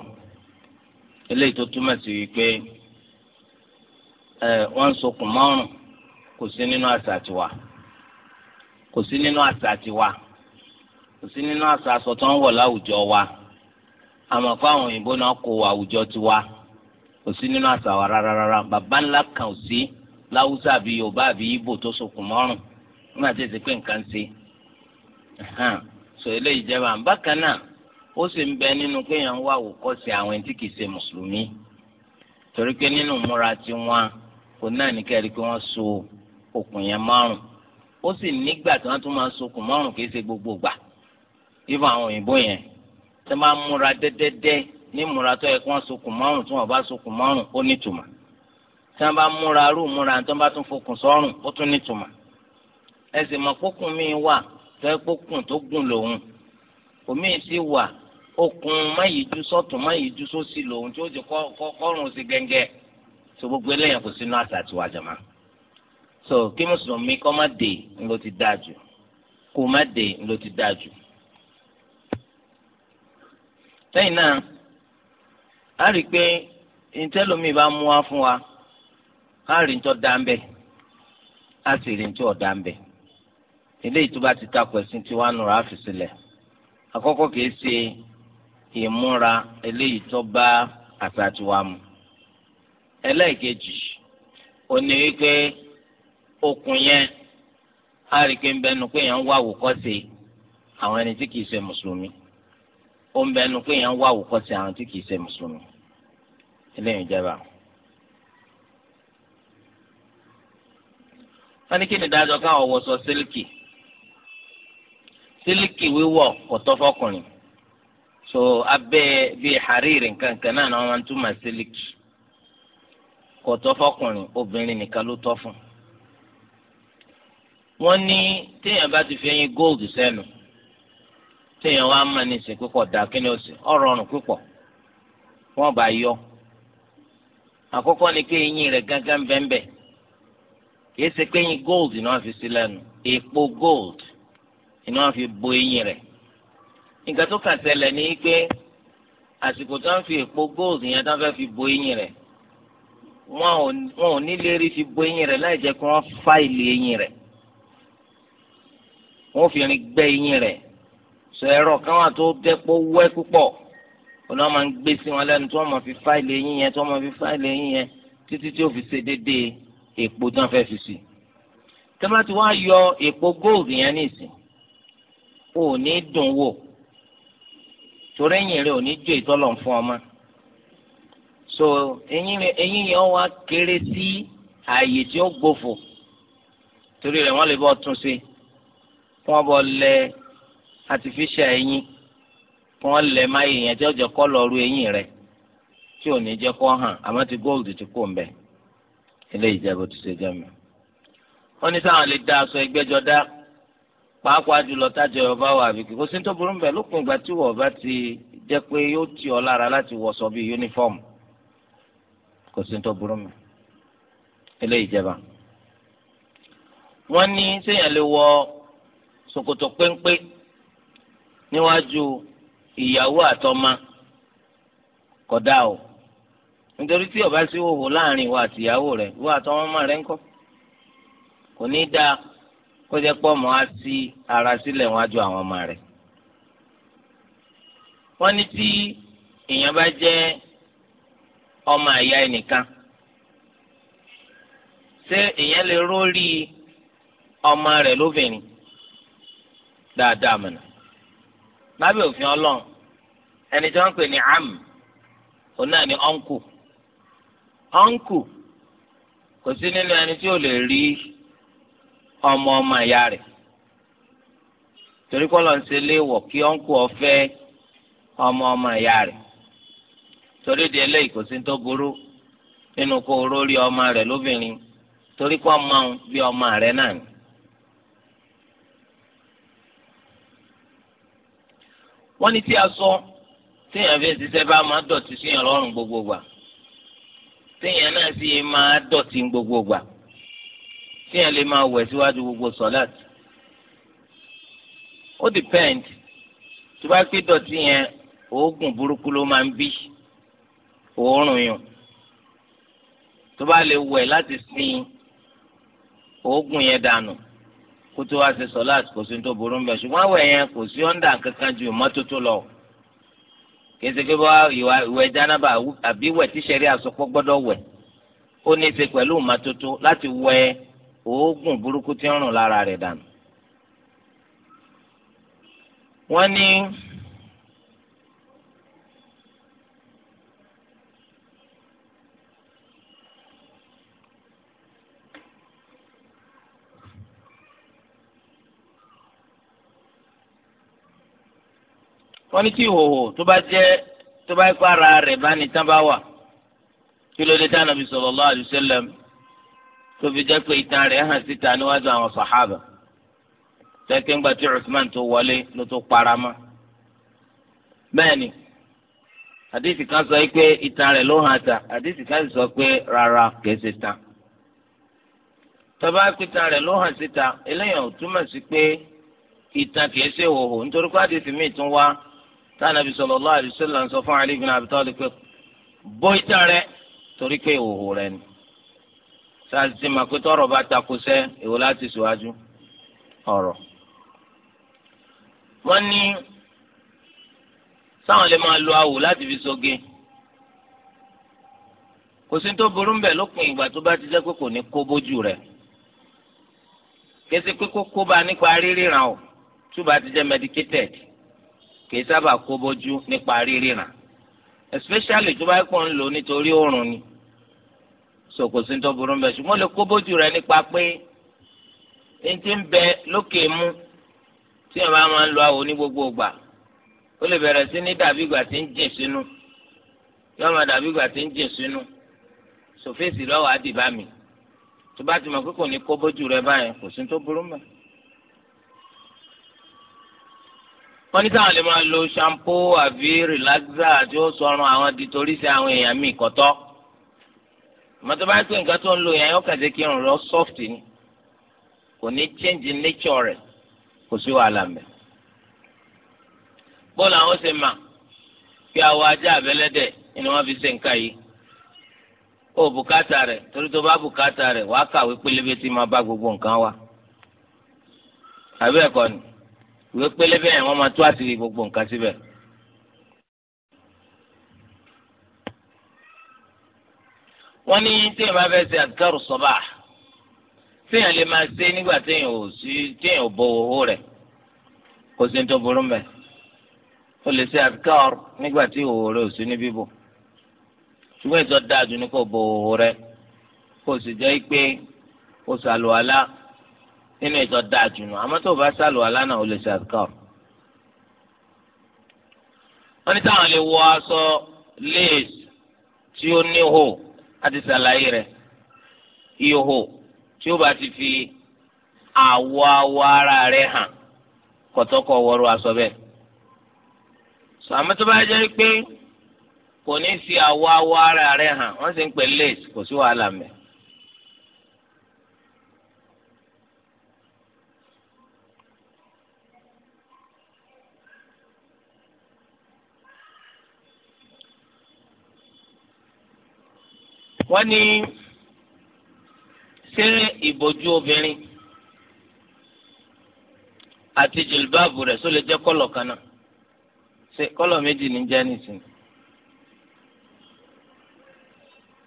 eléyìí tó túmọ̀ sí wípé ẹ wọ́n ń sokùn márùn kò sí nínú àṣà tiwa kò sí nínú àṣà tiwa kò sí nínú àṣà aṣọ tó ń wọ̀ láwùjọ wa àmọ́ kó àwọn òyìnbó náà kó àwùjọ tiwa kò sí nínú àṣà wa rárá rárá bàbá ńlá kan ò sí láwùjọ àbí Yorùbá àbí Ìgbò tó sokùn márùn nígbà tí èsì pé nǹkan ṣe so eléyìí jẹ́ bá bákan náà ó sì ń bẹ nínú pé yẹn ń wá àwọn tí kìí ṣe mùsùlùmí torí pé nínú múra tiwọn kò náà ní kẹ́rì pé wọ́n so okùn yẹn márùn ó sì nígbà tí wọ́n tún máa so okùn márùn kìí ṣe gbogbo gbà ibà àwọn òyìnbó yẹn tẹ́ máa múra dẹ́dẹ́dẹ́ ní múra tó yẹ kí wọ́n so okùn márùn tí wọ́n bá so okùn márùn ó nítumọ̀ tí wọ́n bá múra rú múra tí wọ́n bá tún fokùn sọ́rùn ó tún nítumọ̀ ẹsẹ̀ mọ̀kókùn mi wà fẹ́ kókùn tó gùn lòun omi sì wà okùn máyìíjú sọ́tún máyìíjú sósì lòun tí ó jẹ kọ́rùn sí gẹ́gẹ́ so gbogbo eléyàn kò sínú àṣà àti wàjàmá so kí mùsùlùmí kọ́ má dé ló ti dáa jù kó má dé ló ti dáa jù. lẹ́yìn náà a rí i pé ìtẹ́lómi bá mú wá fún wa a rí i tó dáa ń bẹ̀ a sì rí i tó dáa ń bẹ̀ eléyìí tó bá ti takò ẹ̀sìn tí wàá nùrọ̀ àfi sílẹ̀ àkọ́kọ́ kìí ṣe ìmúra eléyìí tó bá àṣà tiwa mu ẹlẹ́ẹ̀kejì ó ní wípé okùn yẹn á rí i pé ń bẹnu pé èèyàn ń wá àwòkọ́ṣe àwọn ẹni tí kìí ṣe mùsùlùmí ó ń bẹnu pé èèyàn ń wá àwòkọ́ṣe àwọn tí kìí ṣe mùsùlùmí eléyìí jẹba. wọ́n ní kí ni dájọ́ káwọn wọṣọ sílíkì. Siliki wíwọ̀ kò tọ́ so abẹ́ bi hariri nkankan náà ni wọ́n máa siliki túmọ̀ sílíkì obìnrin nìkan ló tọ́ fún. wọ́n ní téèyàn bá ti fi ẹyin góòlù sẹ́nu téèyàn wá máa ní ìsìn pípọ̀ dà kí ni ó sì pípọ̀ bá yọ. àkọ́kọ́ ni pé eyín rẹ̀ gángan bẹ́ẹ̀ bẹ́ẹ̀ kì í ṣe pé eyín ni wọ́n fi sí ni wọ́n fi bo eyín rẹ̀ nǹkan tó kàn tẹ́lẹ̀ ni pé àsìkò tó ń fi èpo góòlù yẹn tó ń fẹ́ fi bo eyín rẹ̀ wọn ò ní lè rí fi bo eyín rẹ̀ láì jẹ́ kí wọ́n fáìlì eyín rẹ̀ wọ́n fi irin gbẹ́ eyín rẹ̀ sọ ẹ̀rọ kan wà tó dẹ́pọ̀ wẹ́ púpọ̀ ọ̀nà máa ń gbé sí wọn lẹ́nu tí wọ́n máa fi fáìlì eyín yẹn tí wọ́n máa fi fáìlì eyín yẹn títí tí ó fi ṣe déédéé èpo tó ń fẹ́ fi sí. tẹ́lá tí wọ́n yọ èpo góòlù yẹn ní ìsìn ò ní dùn wò torí ẹ̀yìn rẹ̀ ò ní jó ìtọ́lọ̀ fún ọmọ so ẹ̀yìn ẹ̀yìn yẹn wá kéré sí ààyè tí ó gbófò torí rẹ̀ wọ́n lè bọ́ tún ṣe kí wọ́n lẹ artificial ẹ̀yìn kí wọ́n lẹ máyè yẹn tí ó jẹ́ kọ́ lọ́ọ́rù ẹ̀yìn rẹ̀ tí ò ní jẹ́ kó hàn àmọ́ ti gold ti kó ń bẹ̀ eléyìí jẹ́ bó ti ṣe jẹ́ mi. wọ́n ní sáwọn lè dá aṣọ ẹgbẹ́jọ dá pàápàá jùlọ tájọ ọba wà àbíkí kò sí ní tó burú bẹ́ẹ̀ lópin ìgbà tí wọ́n bá ti jẹ́ pé yóò tì ọ́ lára láti wọ̀sọ bíi yúnífọ́ọ̀mù kò sí ní tó eléyìí jẹba. wọ́n ní séèyàn lè wọ ṣòkòtò péńpé níwájú ìyàwó àtọ́mà kódà o nítorí tí ọba sí wòwò láàrin ìwọ àtìyàwó rẹ ìwọ àtọ́mọ́ rẹ ńkọ́ kò ní dáa kó jẹ́ pọ́ mọ́ á sí ara sílẹ̀ wájú àwọn ọmọ rẹ̀. wọ́n ní tí èèyàn bá jẹ́ ọmọ àyà ẹnìkan ṣé èèyàn lè rórí ọmọ rẹ̀ lóbìnrin dáadáa mọ̀nà lábẹ́ òfin ọlọ́run ẹni tí wọ́n pè ní am òun náà ni ọ́nkù ọ́nkù kò sí nínú ẹni tí ò lè rí ọmọ ọmọ ìyá rẹ̀ torí kọ́lọ̀ ń ṣe léèwọ̀ kí ọ̀nkù ọ̀fẹ́ ọmọ ọmọ ìyá rẹ̀ torí di eléyìí kò sí tó burú nínú kó o rórí ọmọ rẹ̀ lóbìnrin torí kọ́ ọmọ òun bí ọmọ rẹ̀ náà ni. wọ́n ní tí a sọ téèyàn fi ń ṣiṣẹ́ bá máa dọ̀tí síyàn lọ́rùn gbogbo gbà náà sì máa dọ̀tí gbogbo gbà tíyẹn lè máa wẹ̀ síwájú gbogbo sọ̀láàtì ó depend tó bá pé dọ̀tí yẹn òógùn burúkú ló máa ń bí òórùn yùn tó bá lè wẹ̀ láti sin òógùn yẹn dànù kó tó wá ṣe sọ̀láàtì kò sí tó burú mbẹ̀ ṣùgbọ́n àwẹ̀ yẹn kò sí ọ̀ndà kankan ju ìmọ́tótó lọ kèsèké bá ìwẹ̀ jánábà àbí ìwẹ̀ tíṣẹ̀rí àsopọ̀ gbọ́dọ̀ wẹ̀ ó ní í ṣe pẹ̀lú ìmọ́tótó láti wẹ̀ oògùn burúkú tí ń rùn lára rẹ̀ dànù. wọ́n ní wọ́n ní tí ìhòòhò tó bá jẹ́ tó bá ipá ara rẹ̀ bá ní tán bá wà kí ló dé dáná bí sallallahu alaihi wasallam. tó fi jẹ́ pé ìtàn rẹ̀ hàn síta níwájú àwọn sàhábà tẹ́kẹ́ ńgbà tí Usman tó wọlé ló tó para mọ́ bẹ́ẹ̀ ni àdìsí kan sọ pé ìtàn ló hàn ta àdìsí kan sọ pé rárá kìí ṣe tán tọ́ba pìtàn rẹ̀ ló hàn síta eléyàn ò túmọ̀ sí pé ìtàn kìí ṣe nítorí pé àdìsí tún wá tánàbí sallallahu alaihi wasallam sọ fún Ali pé bó ìtàn sáàsì máa pé tọrọ bá takosẹ èwo láti síwájú ọ̀rọ̀ wọn ní sáwọn lè máa lo awò láti fi soge kò sí tó burú mbẹ lópin ìgbà tó bá ti jẹ́ pé kò ní kó bójú rẹ̀ kése pé kó kó bá nípa ríríran o tó bá ti jẹ́ medicated kìí sábà kó bójú nípa ríríran especially tó bá yẹ kó ń lò nítorí oorun ni sokosi tó burú mbẹ ṣùgbọ́n lè kó bójú rẹ nípa pé ní ti ń bẹ lókè mú tí wọn bá máa ń lo àwọn ní gbogbo ìgbà ó lè bẹ̀rẹ̀ sí ní dàbí ìgbà tí ń jìn sínú yóò máa dàbí ìgbà tí ń jìn sínú sòfèsì lọ́wọ́ àdìbá mi tó bá ti mọ̀ pé kò ní kó bójú rẹ báyẹn kò sí tó burú mbẹ. wọ́n ní táwọn lè máa lo shampoo àbí relaxer àti ó sọ̀rọ̀ àwọn di torí sí àwọn èèyàn míì kọ́tọ́ mọ́tò bá ń pè nǹkan tó ń lò yẹn yóò kàn kí irun rẹ̀ soft ni kò ní change nature rẹ̀ kò sí wàhálà mẹ́. bọ́ọ̀lù àwọn ṣe mà pé àwọ̀ ajá àbẹ́lẹ́dẹ̀ ni wọ́n fi ṣe nǹkan yìí ó bùkátà rẹ̀ torí tó bá bùkátà rẹ̀ wàá kàwé pélébé tí máa bá gbogbo nǹkan wá. àbí ni ìwé pélébé yẹn wọ́n máa tú àṣírí gbogbo nǹkan síbẹ̀. Si wọ́n ní téèyàn bá fẹ́ ṣe àdìkárù sọ́bà téèyàn lè máa ṣe nígbà téèyàn ò sí téèyàn ò bọ owó rẹ̀ kò sí tó burú mẹ́ o lè ṣe àdìkárù nígbà tí owó rẹ̀ ò sí ní bíbò ṣùgbọ́n ìtọ́ dáa jù ní kò bọ owó rẹ̀ kò sì jẹ́ pé o ṣàlùwàlá nínú ìtọ́ dáa jù nù àmọ́ tó o bá ṣàlùwàlá náà o lè ṣe àdìkárù wọ́n ní táwọn lè wọ aṣọ léèsì tí ó níhò àti sàlàyé rẹ̀ ìhò tí ó bá ti fi àwọ̀ awọ ara rẹ̀ hàn kọ̀tọ́kọ̀ wọ̀rọ̀ aṣọ bẹ́ẹ̀. sọ àmọ́ tó bá jẹ́ pé kò ní fi àwọ̀ awọ ara rẹ̀ hàn wọ́n sì ń pè lace kò sí wàhálà mẹ́ẹ̀. wọ́n ní ṣé ìbòjú obìnrin àti jìlbáàbù rẹ̀ só lè jẹ́ kọ́lọ̀ kan náà ṣe kọ́lọ̀ méjì ní jẹ́nìsì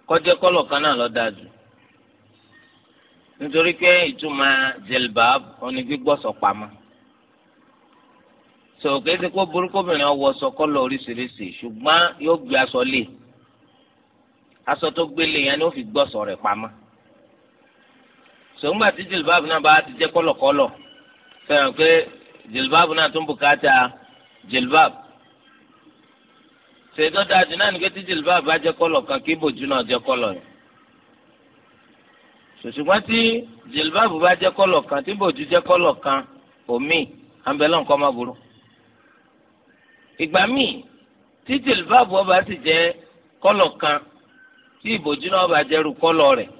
kọ́jẹ́ kọ́lọ̀ kan náà ló dáa jù nítorí pé ìtumọ̀ jìlbáàbù òní gbígbọ́sọ̀ pamọ́ sọ̀kẹ́sẹ̀ kó burúkú obìnrin ọwọ́ sọ kọ́lọ̀ oríṣiríṣi ṣùgbọ́n yóò gbé aṣọ lé e. aṣọ tó gbélé yẹn ni ó fi gbọ́sọ̀ rẹ̀ pamọ́ sòmùgbà tí jìlbáàbù náà bá ti jẹ́ kọ́lọ̀kọ́lọ̀ fẹ́ràn pé jìlbáàbù náà tún bùkátà jìlbáàbù ṣètò dájú náà ni pé tí jìlbáàbù bá jẹ́ kọ́lọ̀ kan kí bòjú náà jẹ́ kọ́lọ̀ yẹn ṣùgbọ́n tí jìlbáàbù bá jẹ́ kọ́lọ̀ kan tí bòjú jẹ́ kọ́lọ̀ kan omi àǹbẹ̀lọ́ nǹkan má burú ìgbà míì tí jìlbáàbù bá sì jẹ́ kọ́lọ̀ kan tí ìbòjú náà bá jẹ́rú kọ́lọ̀ rẹ̀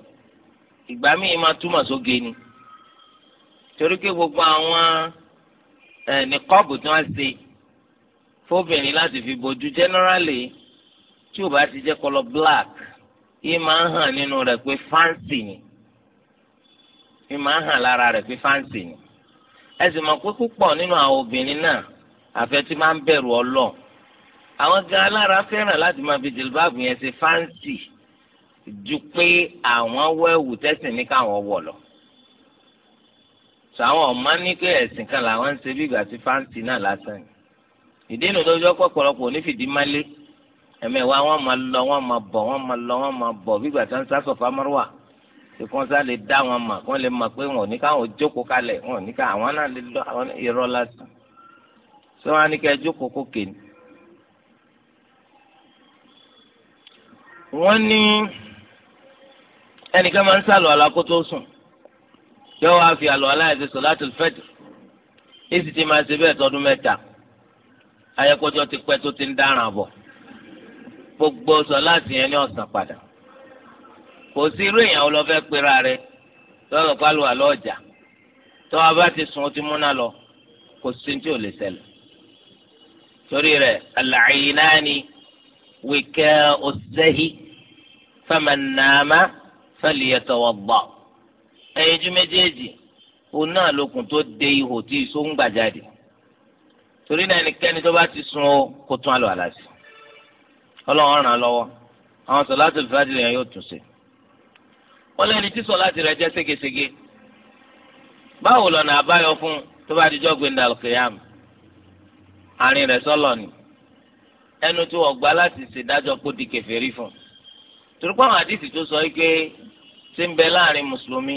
ìgbà míì máa túmọ̀ sóge ni torí pé gbogbo àwọn nìkọ́ọ̀bù tí wọ́n ṣe fóbìnrin láti fi bòjú generally tí ò bá ti jẹ́ kọ́lọ̀ black yìí máa ń hàn nínú rẹ̀ pé fáǹsì ni yìí máa ń hàn lára rẹ̀ pé fáǹsì ni ẹ sì mọ̀ pé púpọ̀ nínú àwọn obìnrin náà máa ń bẹ̀rù àwọn gan alára fẹ́ràn láti máa fi jìlbáàbù ju pé àwọn wọ ẹ̀wù tẹ́sìn ní káwọn wọ̀ lọ sàwọn ọmọ ní pé ẹ̀sìn kan làwọn ń ṣe bí ìgbà tí fáǹtì náà lásán ìdí inú tó jọ pọ̀pọ̀lọpọ̀ onífìdí málé ẹ̀mẹ̀wá wọn máa lọ wọn máa bọ̀ wọn máa lọ wọn máa bọ̀ bí ìgbà tí wọ́n ń sásọ̀ fámárùwà tí kò sá lè dá wọn mà kò lè mọ̀ pé wọn ò ní káwọn jókòó kalẹ̀ wọn ò ní ká àwọn náà lè lọ àwọn irọ́ lásán tí wọn á ní ká jókòó kókè ni. wọ́n ní. Ni ẹnìkan máa ń sàlù alákótó sùn yóò wá fi àlọ́ aláìsí sọ̀láàtì fẹ́tì èsì ti máa ṣe bẹ́ẹ̀ tọdún mẹ́ta ayẹkọjọ ti pẹ́ tó ti ń dáràn bọ̀ gbogbo sọ̀láàtì yẹn ní ọ̀sán padà kò sí irú èèyàn ọlọ́fẹ́ pera rẹ lọ́dọ̀ àlọ́ ọjà bá ti ó ti múná lọ kò sí tí ò lè torí wíkẹ́ ọ̀sẹ́hí fẹ́mẹ̀ nàámá. falyatallah ẹyinjú méjèèjì òun náà lókun tó de ihò tí ìṣó ń gbà jáde torí náà ẹnikẹ́ni tó bá ti sun o kó tún àlọ́ àlàsì ọlọ́run ràn án lọ́wọ́ àwọn sọ̀láàtì fàájì yẹn yóò tún ṣe wọ́n lẹ́ni tí sọ̀láàtì rẹ̀ jẹ́ ségesège báwo lọ́nà àbáyọ fún tó bá dijọ́ gbẹ̀ndà lùkìyàmù àárín rẹ̀ sọ́lọ̀ ni ẹnu tí wọ́n gbà láti ṣèdájọ́ kó di kèfèrí fún torí pé àwọn àdìsí tó sọ yìí pé tí ń bẹ láàrin mùsùlùmí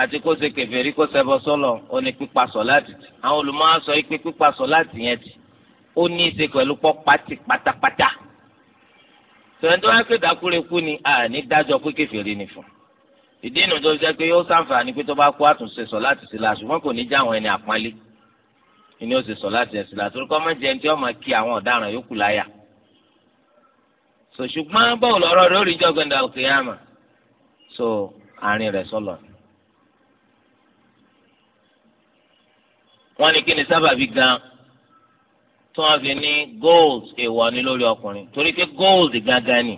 àti kó ṣe kèfèrí kó ṣẹbọ sọlọ ó ní pípa sọláàtì tì àwọn olùmọ̀ọ́ sọ pé pípa sọláàtì yẹn tì ó ní í ṣe pẹ̀lú pọ́ pátì pátápátá tòlẹ́ntì wá pé dákúrekú ni àní dájọ́ pé kèfèrí ni fún ìdí inú tó jẹ́ pé yóò ṣàǹfààní pé tó bá kó àtúnṣe sọláàtì sí la ṣùgbọ́n kò ní já àwọn ẹni àpọ́nlé ni ó ṣe sọláàtì sí la torí kọ́ mọ́ jẹun tí kí àwọn ọ̀daràn yòókù láyà sòṣùgbọ́n bọ́ọ̀lù ọ̀rọ̀ rẹ̀ ó rí jọ́gbẹ́ndà so àárín rẹ̀ sọlọ. wọ́n ní kí ni sábàbí gan tí wọ́n fi ní gold èèwọ̀ ni lórí ọkùnrin torí pé gold gangan ni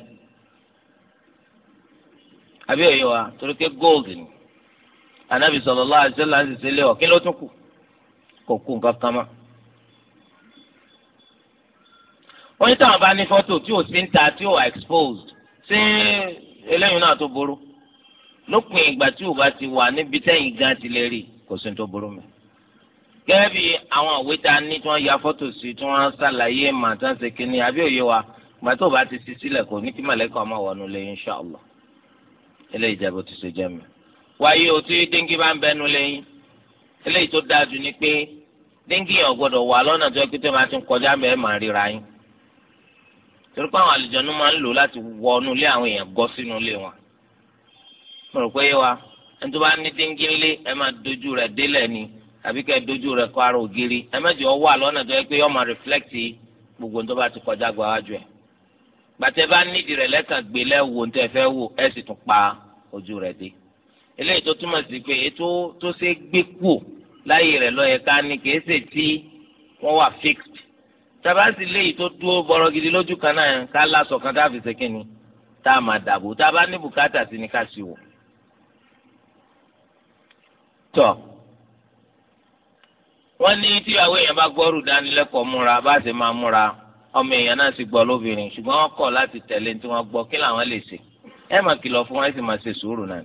àbí òye wa torí pé gold ni anabi sallallahu alaihi wasallam ń sèlè ọ kí ló tún kù kò kú nǹkan kan mọ́. wọ́n ní táwọn bá ní fọ́tò tí ò sí ń ta tí ò exposed sí eléyìí náà tó burú lópin ìgbà tí ò bá ti wà níbi tẹ́yìn gan ti lè rí kò sí tó burú mi. gẹ́gẹ́ bí àwọn òwe tá a ní tí wọ́n ya fọ́tò sí tí wọ́n ṣàlàyé mà tá a ṣe kínní àbí òye wa ìgbà tí ò bá ti ṣí sílẹ̀ kò ní kí mọ̀lẹ́kọ̀ ọmọ wọnú lé insha Allah eléyìí jẹ́ bó ti ṣe jẹ́ mi. wáyé o tí dengue bá ń bẹnu lẹ́yìn eléyìí tó dáa ni pé dengue yẹn ò wà lọ́nà tó yẹ kí tó máa ti kọjá bẹ́ẹ̀ máa ríra yín. torí pé àwọn àlùjọ mo rò yé wa ẹni tó bá ní díngí ńlé ẹ máa dojú rẹ̀ délẹ̀ ni àbí kẹ́ ẹ dojú rẹ̀ kọ ara ògiri ẹ mẹ́jọ wà lọ́nà tó yẹ pé yọ máa rìflẹ́kìtì gbogbo tó bá ti kọjá gba wájú ẹ̀ gbàtẹ́ bá nídìí rẹ̀ lẹ́kàn gbé lẹ́wọ̀ ní tẹ́ fẹ́ wò ẹ sì tún pa ojú rẹ̀ dé eléyìí tó túmọ̀ sí pé ètò tó ṣe gbé kù láyé rẹ̀ lọ́yẹ ní kì í ṣe tí wọ́n fixed tabasi léyìí tó dúró bọ̀rọ̀ gidi lójú kan náà ká lásọ̀ kan tá a tọ̀ wọ́n ní tí àwọn èèyàn bá gbọ́rù dánilẹ́kọ̀ọ́ múra bá ṣe máa múra ọmọ èèyàn náà sì gbọ́ lóbìnrin ṣùgbọ́n wọ́n kọ̀ láti tẹ̀lé tí wọ́n gbọ́ kí làwọn lè ṣe ẹ máa kìlọ̀ fún wọn ẹ sì máa ṣe sùúrù náà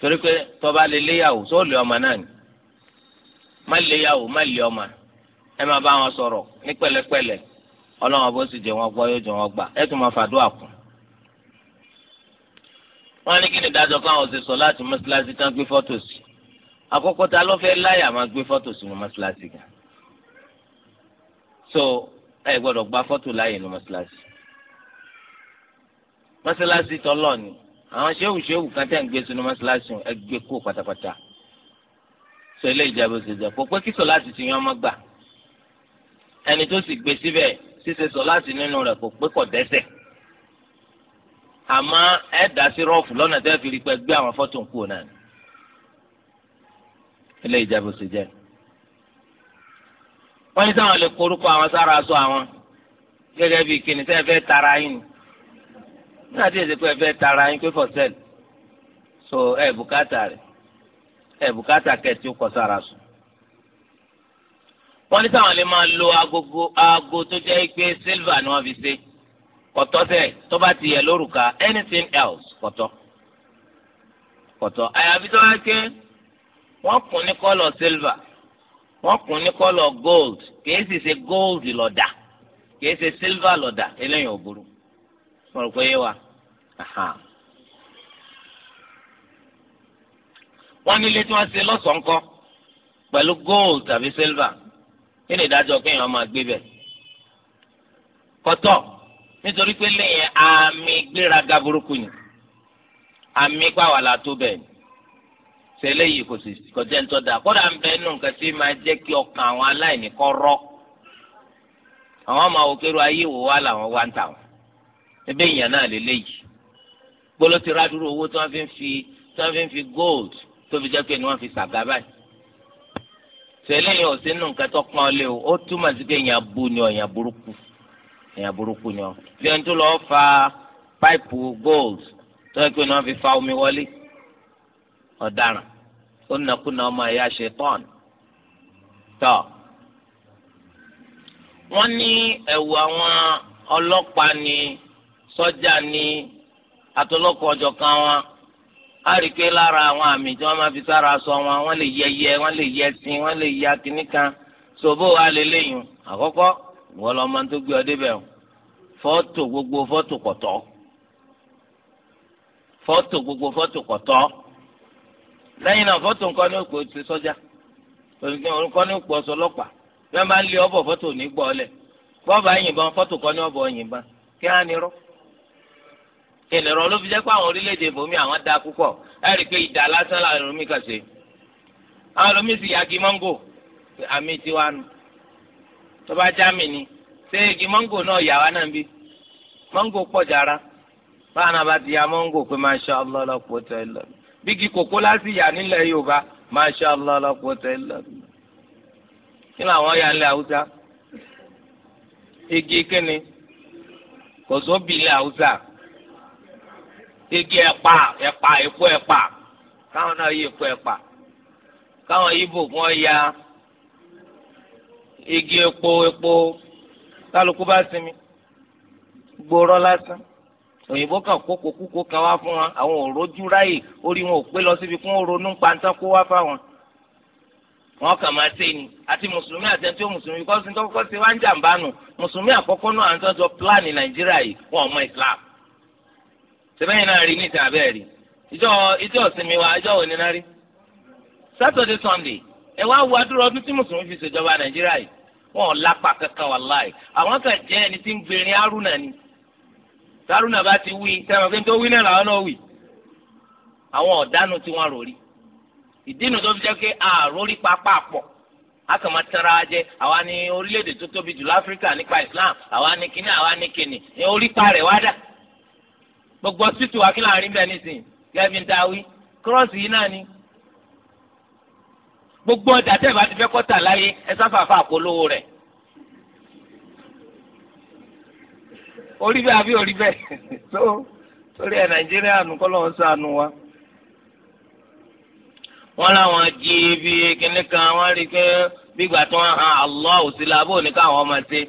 torí pé tó bá lè léyàwó tó lè ọmọ náà ni má léyàwó má lè ọmọ ẹ máa bá wọn sọ̀rọ̀ ní pẹ̀lẹ́pẹ̀lẹ́ ọlọ́wọ́n bó sì jẹ́ wọn gbọ́ yóò jẹ́ wọn gbà ẹ tún máa fàdúrà kún. wọ́n ní kí ni dájọ́ káwọn ṣe sọ láti mọ́ṣáláṣí tán gbé fọ́tò sí i àkọ́kọ́ ta ló fẹ́ láyà máa gbé fọ́tò sínú mọ́ṣáláṣí gan so ẹ gbọ́dọ̀ gba fọ́tò láyè ní mọ́ṣáláṣí mọ́ṣáláṣí tọ́lọ̀ ni àwọn ṣéwù ṣéwù kan tẹ̀ ń gbé sínú mọ́ṣáláṣí ẹ gbé kó pátápátá so eléyìí jẹ́ bó ṣe jẹ́ kó pé kí sọ láti ti yan ọmọ gbà ẹni tó sì gbé síbẹ̀ ṣíṣe sọ láti nínú rẹ̀ kó pé kò dẹ́ṣẹ̀ àmọ́ ẹ dá sí rọ́ọ̀fù lọ́nà tẹ́ fi rí pé gbé àwọn fọ́tò ń kú náà ilé ìjẹ́bù sì jẹ́. wọ́n ní sáwọn lè korúkọ àwọn sára aṣọ àwọn gẹ́gẹ́ bíi kìnìún tẹ́ ẹ fẹ́ tara yín ni nígbà tí èsì pé ẹ fẹ́ tara yín pé for sale so ẹ bùkátà rẹ̀ ẹ bùkátà kẹ̀tì ó kọ sára sùn. wọ́n ní sáwọn lè máa lo agogo aago tó jẹ́ pé silver ni wọ́n fi ṣe kọ̀tọ́ tẹ̀ tó bá ti yẹ lórúkà anything else kọ̀tọ́ kọ̀tọ́ àyàfi tó wá ké. wọ́n kùn ní kọ́lọ̀ silver wọ́n kùn ní kọ́lọ̀ gold kìí sì ṣe gold lọ́dà kìí ṣe silver lọ́dà eléyìí ò burú mo rò pé yé wa. wọ́n nílé tí wọ́n ṣe lọ́sọ̀ọ́nkọ́ pẹ̀lú gold tàbí silver kí ni ìdájọ́ kéèyàn máa gbé bẹ̀ kọ́tọ̀ nítorí pé lẹ́yìn àmì gbéraga burúkú ni àmì pàwọ́ la tó bẹ́ẹ̀ ni sẹlẹ yìí kò sì kọjá ń tọ́ da kódà ń bẹ nù nǹkan tí máa jẹ́ kí ọkàn àwọn aláìní kọ́ rọ́ àwọn ọmọ òkèrò ayé wò wá làwọn wá ń tà wọn ẹbẹ ìyàn náà lélẹyìí gbọlọ ti ra dúró owó tí wọ́n fi ń fi tí wọ́n fi ń fi gold tó fi jẹ́ pé ni wọ́n fi sàgá báyìí sẹlẹ yìí ò sí nù nǹkan tó pọn lé o ó túmọ̀ sí pé èèyàn bu ni ọ burúkú èèyàn burúkú ni ọ bí ẹni tó lọ fa páìpù gold tó yẹ pé ni wọ́n fi fa omi wọlé ọ̀daràn ó nàkúnà ọmọ ẹ̀yà ṣetán tọ́ wọn ní ẹ̀wù àwọn ọlọ́pàá ni sọ́jà ni atọ́lọ́kọ̀ ọjọ kan wọn a rí i pé lára àwọn àmì fi sára sọ wọn wọn lè yẹyẹ wọ́n lè wọn lè ya kínní kan ṣòbó wa lè léyìn àkọ́kọ́ máa tó gbé lẹyìn náà fọ́tò nǹkan ní òpó ti sọ́jà nǹkan ní òpó ọ̀sọ́ ọlọ́pàá bí wọ́n bá ń lé ọbọ̀ fọ́tò ní gbọ́ ọlẹ̀ bọ́ọ̀bà yìnbọn fọ́tò kan ní ọbọ̀ yìnbọn kí á nírọ́ ìnirọ̀ ló fi jẹ́ pé àwọn orílẹ̀-èdè bòmí àwọn da púpọ̀ ẹ rí i pé ìdá lásán làwọn ẹlòmíì ṣe àwọn ẹlòmíì sì àmì tiwa nù tó mọ́ngò pé bígi kòkó láti yà nílẹ̀ yorùbá masha allah la quwwata illa billah kí ya nílẹ̀ haúsá igi kíni kò sóbì haúsá igi ẹ̀pà ẹ̀pà èpo ẹ̀pà káwọn náà yí èpo ẹ̀pà káwọn yíbò kún ọ ya igi epo epo kálukú bá sinmi gbòòrọ lásán òyìnbó kan kókó kúkó kan wá fún wọn àwọn òrojú ráyè orí wọn ò pé lọ síbi fún ronú pàǹtán kó wá fáwọn. wọn kàn máa ṣe ni àti mùsùlùmí àti ẹni tí ó mùsùlùmí kọ́ sí kọ́kọ́ sí wá ń jàǹbá nù mùsùlùmí àkọ́kọ́ náà à ń tọ́jú pílánì nàìjíríà yìí wọn ọmọ islam. sẹ́fẹ̀yìn náà rí níta abẹ́ẹ̀ rí ìjọ ìjọ ìsinmi wa ìjọ òní náà rí. sátọ̀dé sọ́ndé ẹ wá wo adúrò ọdún tí mùsùlùmí fi ṣèjọba nàìjíríà yìí wọn ò lápá kankan wàláì àwọn kan jẹ́ ẹni tí ń gbèrín arúnà ni tárúnà bá ti wí sẹ́wọ̀n pé tó wí náà làwọn náà wì àwọn ọ̀dánù tí wọ́n rò rí ìdínú tó fi jẹ́ pé ààrò rí pọ̀ a kàn máa tẹ́ra wa jẹ àwa ni orílẹ̀-èdè tó tóbi jù láfíríkà nípa Islam àwa ni kíní àwa ni kíní ní orí pa rẹ̀ wá dà gbogbo sítù wa kí láàrin bẹ́ẹ̀ nísìnyí gẹ́gẹ́ bí n yìí náà ni gbogbo ọjà tẹ́ bá ti fẹ́ kọ́ta láyé ẹ sáfàfà àpolówó rẹ̀ orí bẹ́ẹ̀ àbí orí bẹ́ẹ̀ tó torí ẹ̀ nàìjíríà nù kọ́ lọ́wọ́ sànù wa. wọ́n láwọn jí bí kinní kan wọ́n rí i pé bígbà tó ń han Allah òsìlá bó ní káwọn máa ṣe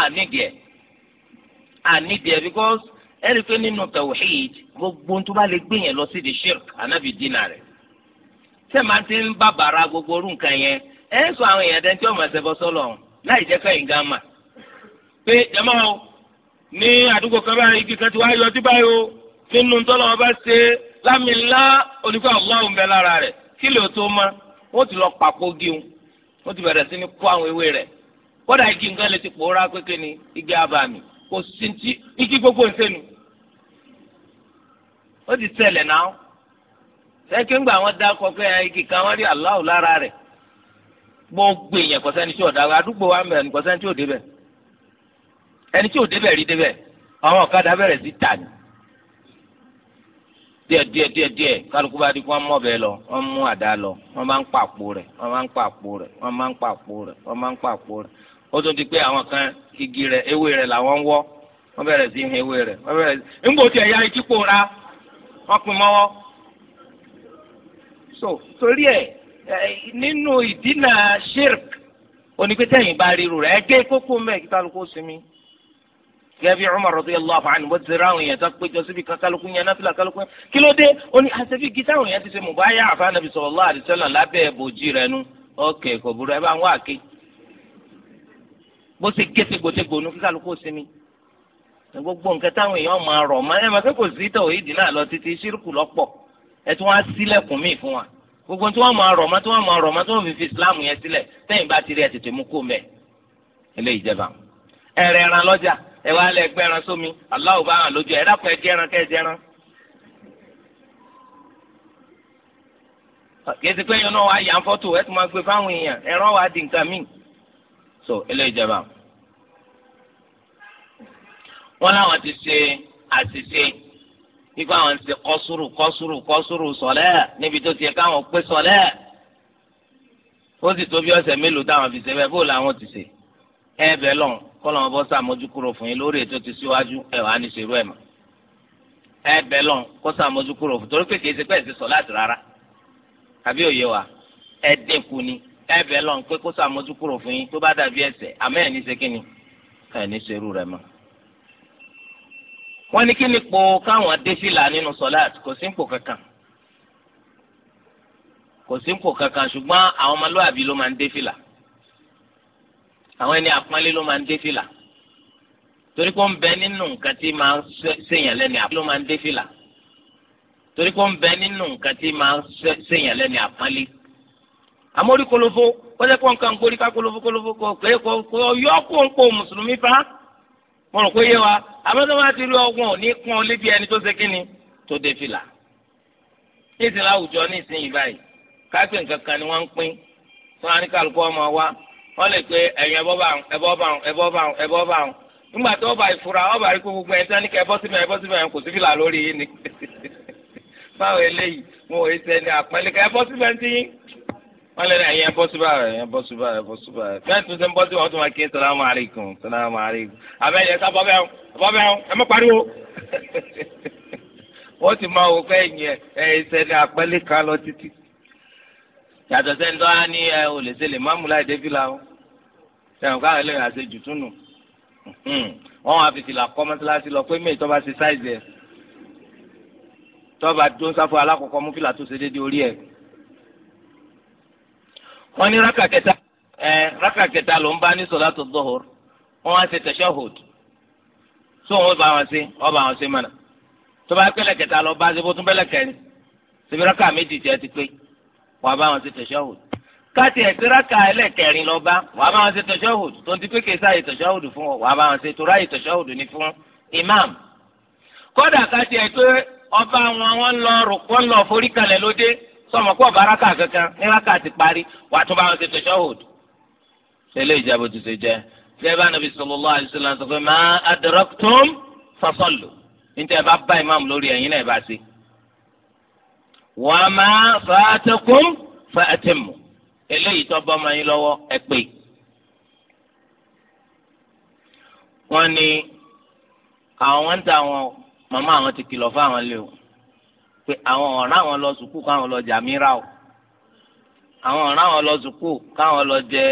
ànídìẹ ànídìẹ because ẹ rí i pé nínú tawhid gbogbo tó bá lè gbìyàn lọ sí di shirk anábì dínà rẹ̀ tẹ́ máa ti ń bàbàrà gbogbo orú nǹkan yẹn ẹ sọ àwọn èèyàn dẹ́ntí ọmọ ẹsẹ̀ bọ́ sọ́lọ̀ láì jẹ́ kẹ́yìn gán mà pé jẹ́mọ́ ní àdúgbò kan báyìí igi kan ti wá yọjú báyìí o nínú tọ́lọ́ ọba ṣe lámì ńlá onífẹ́ ọlọ́run bẹ lára rẹ̀ kí lè tó ma wọ́n ti lọ pàpọ̀ gíun wọ́n ti bẹ̀rẹ̀ sí ní kó àwọn ewé rẹ̀ kódà igi nǹkan lè ti pòórá kékeré ní igi abàmì kò sí ti igi gbogbo ńsẹ́nu ó ti tẹ̀lẹ̀ náà sẹ́kẹ́ ńgbà dá kọ pé igi kan wọ́n ẹni tí o débẹ̀ rí débẹ̀ àwọn ọ̀kadà bẹ̀rẹ̀ sí tà ní. díẹ̀ díẹ̀ díẹ̀ díẹ̀ kálukú bá di kó wọ́n mọ̀ bẹ́ẹ̀ lọ wọ́n mú àdá lọ wọ́n máa ń pa àpò rẹ̀ wọ́n máa ń pa àpò rẹ̀ wọ́n máa ń pa àpò rẹ̀ wọ́n máa ń pa àpò pé àwọn etí wọ́n pin mọ́wọ́. so torí ẹ nínú ìdínà shirk bá ríru rẹ̀ gẹ́bí Umar radiyallahu anhu bó ti ráwọn èèyàn tó péjọ síbi kan kálukú yẹn náfìlà kálukú yẹn kí ló dé ó ní àṣẹbí gí táwọn èèyàn ti ṣe mùbáyà àfa nàbì sallallahu alaihi wasallam lábẹ́ bòjì rẹ̀ nu ọ̀kẹ́ kò burú ẹ bá ń wá àké bó ṣe gé tegbòtegbò nu kí kálukú sinmi gbogbo nǹkan táwọn èèyàn máa rọ̀ mọ́ ẹ máa kẹ́kọ̀ọ́ sí tọ̀ ìdí náà lọ títí ṣírùkù lọ́pọ̀ ẹ tí wọ́n á sílẹ̀kùn míì fún wa gbogbo tí wọ́n máa rọ̀ mọ́ tí wọ́n máa rọ̀ mọ́ tí wọ́n fi fi Islam yẹn sílẹ̀ tẹ́yìn bá ti rí ẹ tètè mú kó mẹ́ ẹ lè jẹba ẹ̀rẹ̀ ẹran lọ́jà ẹ wá lẹ gbẹran sómi aláwọ bá hàn lójú ẹ dákun ẹ jẹran kẹ jẹran. kìí pé yẹn náà wá yàn fọ́tò ẹ tún máa gbé fáwọn èèyàn ẹran wàá di nǹkan míì. so ilé ìjọba wọn làwọn ti ṣe àṣìṣe nípa àwọn ti kọ́sùrù kọ́sùrù kọ́sùrù sọ̀lẹ́ níbi tó ti yẹ káwọn pé sọ̀lẹ́ ó sì tó bí ọ̀sẹ̀ mélòó táwọn fi ṣe bẹ́ẹ̀ bó làwọn ti ṣe ẹ bẹ́ẹ̀ lọ́hùn kọ́lọ̀ wọn bọ́ sàmójúkúrò fún yín lórí ètò ti síwájú ẹ̀ wá ní ṣerú ẹ̀ mọ́ ẹ bẹ̀ lọ́n kó sàmójúkúrò fún torí kékeré ṣe pẹ́ẹ́sì sọ láti rárá àbí òye wa ẹ dínkù ni ẹ bẹ̀ lọ́n pé kó sàmójúkúrò fún yín tó bá dàbí ẹ̀ṣẹ̀ àmọ́ ẹ̀ ní ṣe kí ni ẹ̀ ní ṣerú rẹ̀ mọ́. wọ́n ní kí ni po káwọn dé fìlà nínú sọ́láàtì kò sí ipò kankan kò sí ipò kankan ṣùgbọ́n àwọn ọmọlúwàbí ló máa ń dé fìlà àwọn ẹni àpọ́nlé ló máa ń dé fìlà torí kó ń bẹ nínú nǹkan tí máa ń ṣèyàn lẹ́ni àpọ́nlé ló máa ń dé fìlà torí kó ń bẹ nínú nǹkan tí máa ń ṣèyàn lẹ́ni àpọ́nlé àmórí kolofo kọ́sẹ́ kó nǹkan kórí ká kolofo kolofo kò pé kò yọ kó ń po mùsùlùmí fa mo rò pé yé wa àmọ́tọ́ bá ti rí ọgbọ́n ní kún ọ lébi ẹni tó ṣe kíni tó dé fìlà ní ìsìn láwùjọ ní ìsìn yìí báyìí káṣí nǹkan kan ni wọ́n ń pín fún aníkàlùkù wọ́n lè pe ẹ̀yin ẹbọ bá ẹbọ bá ẹbọ bá ẹbọ bá nígbà tó ọba ìfura ọba rí gbogbo ẹ sani kẹ ẹbọ ẹbọ síbẹ̀ kò sí fìlà lórí yín ni báwo eléyìí mo wòye sẹni àpẹẹlẹ kẹ ẹbọ síbẹ̀ ń tiyín wọ́n lè ní ẹ̀yin ẹbọ síbẹ̀ ẹ̀yin ẹbọ síbẹ̀ ẹbọ síbẹ̀ fẹẹ tún sẹ ń bọ sí wọn tó máa kí salamu aleykum salamu aleykum abẹ́yẹ sábọ́ bẹ́ẹ̀ ọbọ̀ bẹ́ẹ̀ ẹ mọ̀ pariwo wọ́n ti máa wò pé ẹ̀yin ẹ̀ sẹni àpẹẹlẹ kan lọ títí yàtọ̀ sẹ́ni tó á ní ẹ ò lè ṣe lè má mú láì dé fìlà o sẹ́wọ̀n káwọn ẹlẹ́yìn àṣẹ jù túnú hmm. wọ́n wá fi fìlà kọ́ mọ́tíláṣí lọ pé méjì tó bá ṣe sáìzì ẹ̀ tó bá tó sáfù alákọ̀ọ́kọ́ mú fìlà tó ṣe déédéé orí ẹ̀. wọ́n ní rákà kẹta ẹ rákà kẹta ló ń bá ní sọ̀lá tó dọ̀hùr wọ́n wá ṣe tashahhud tó wọ́n bá wọn ṣe wọ́n bá wọn ṣe mọ̀nà tó bá kẹta lọ bá ṣe bó tún pẹ́lẹ̀ kẹrin ṣe fi rákà méjì jẹ́ ti pé wàá bá wọn ṣe tashahud káàtì ẹ̀kíráka ẹlẹ́kẹrin lọ́ba wàá bá wọn ṣe tashahud tó ń ti pé kèésà yìí tashahud fún ọ wàá bá wọn ṣe torá yìí tashahud ní fún imam kódà káàtì ẹ̀ pé ọba wọn wọn lọ rúkọ́ lọ forí kalẹ̀ lóde sọmọ kó ọba araka kankan ní raka ti parí wàá tún bá wọn ṣe tashahud ṣẹlẹ̀ ìjábọ̀ tó ṣe jẹ́ sẹ́bà nàbí sallallahu alaihi wasallam ma adraktum fasallu níta ẹ bá imam lórí ẹ̀yin náà ẹ wa ma fatakum fa'timu eléyìí tó bọ́ máa yín lọ́wọ́ ẹ pé. wọ́n ní àwọn ń ta àwọn màmá àwọn ti kìlọ̀ fáwọn lé o pé àwọn ọ̀ràn àwọn lọ sùkúù káwọn lọ jà mírà o àwọn ọ̀ràn àwọn lọ sùkúù káwọn lọ jẹ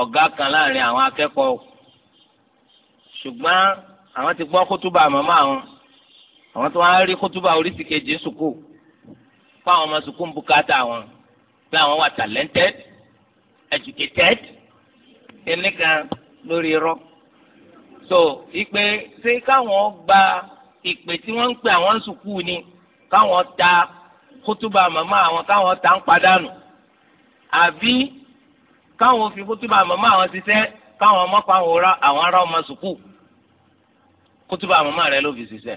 ọ̀gá kan láàrin àwọn akẹ́kọ̀ọ́ ṣùgbọ́n àwọn ti gbọ́ kótóbà màmá àwọn àwọn tó wá rí kótóbá oríṣi kejì ń sùkúù fáwọn ọmọ sùkúù ń bùkátà wọn pé àwọn wà talented educated ẹnìkan lórí irọ́ so ìpè ṣé káwọn gba ìpè tí wọ́n ń pè àwọn sùkúù ni káwọn ta kótóbá màmá àwọn káwọn ta ń padànù àbí káwọn fi kótóbá màmá àwọn ṣiṣẹ́ káwọn ọmọ pa àwọn ará ọmọ sùkúù kótóbá màmá rẹ ló fi ṣiṣẹ́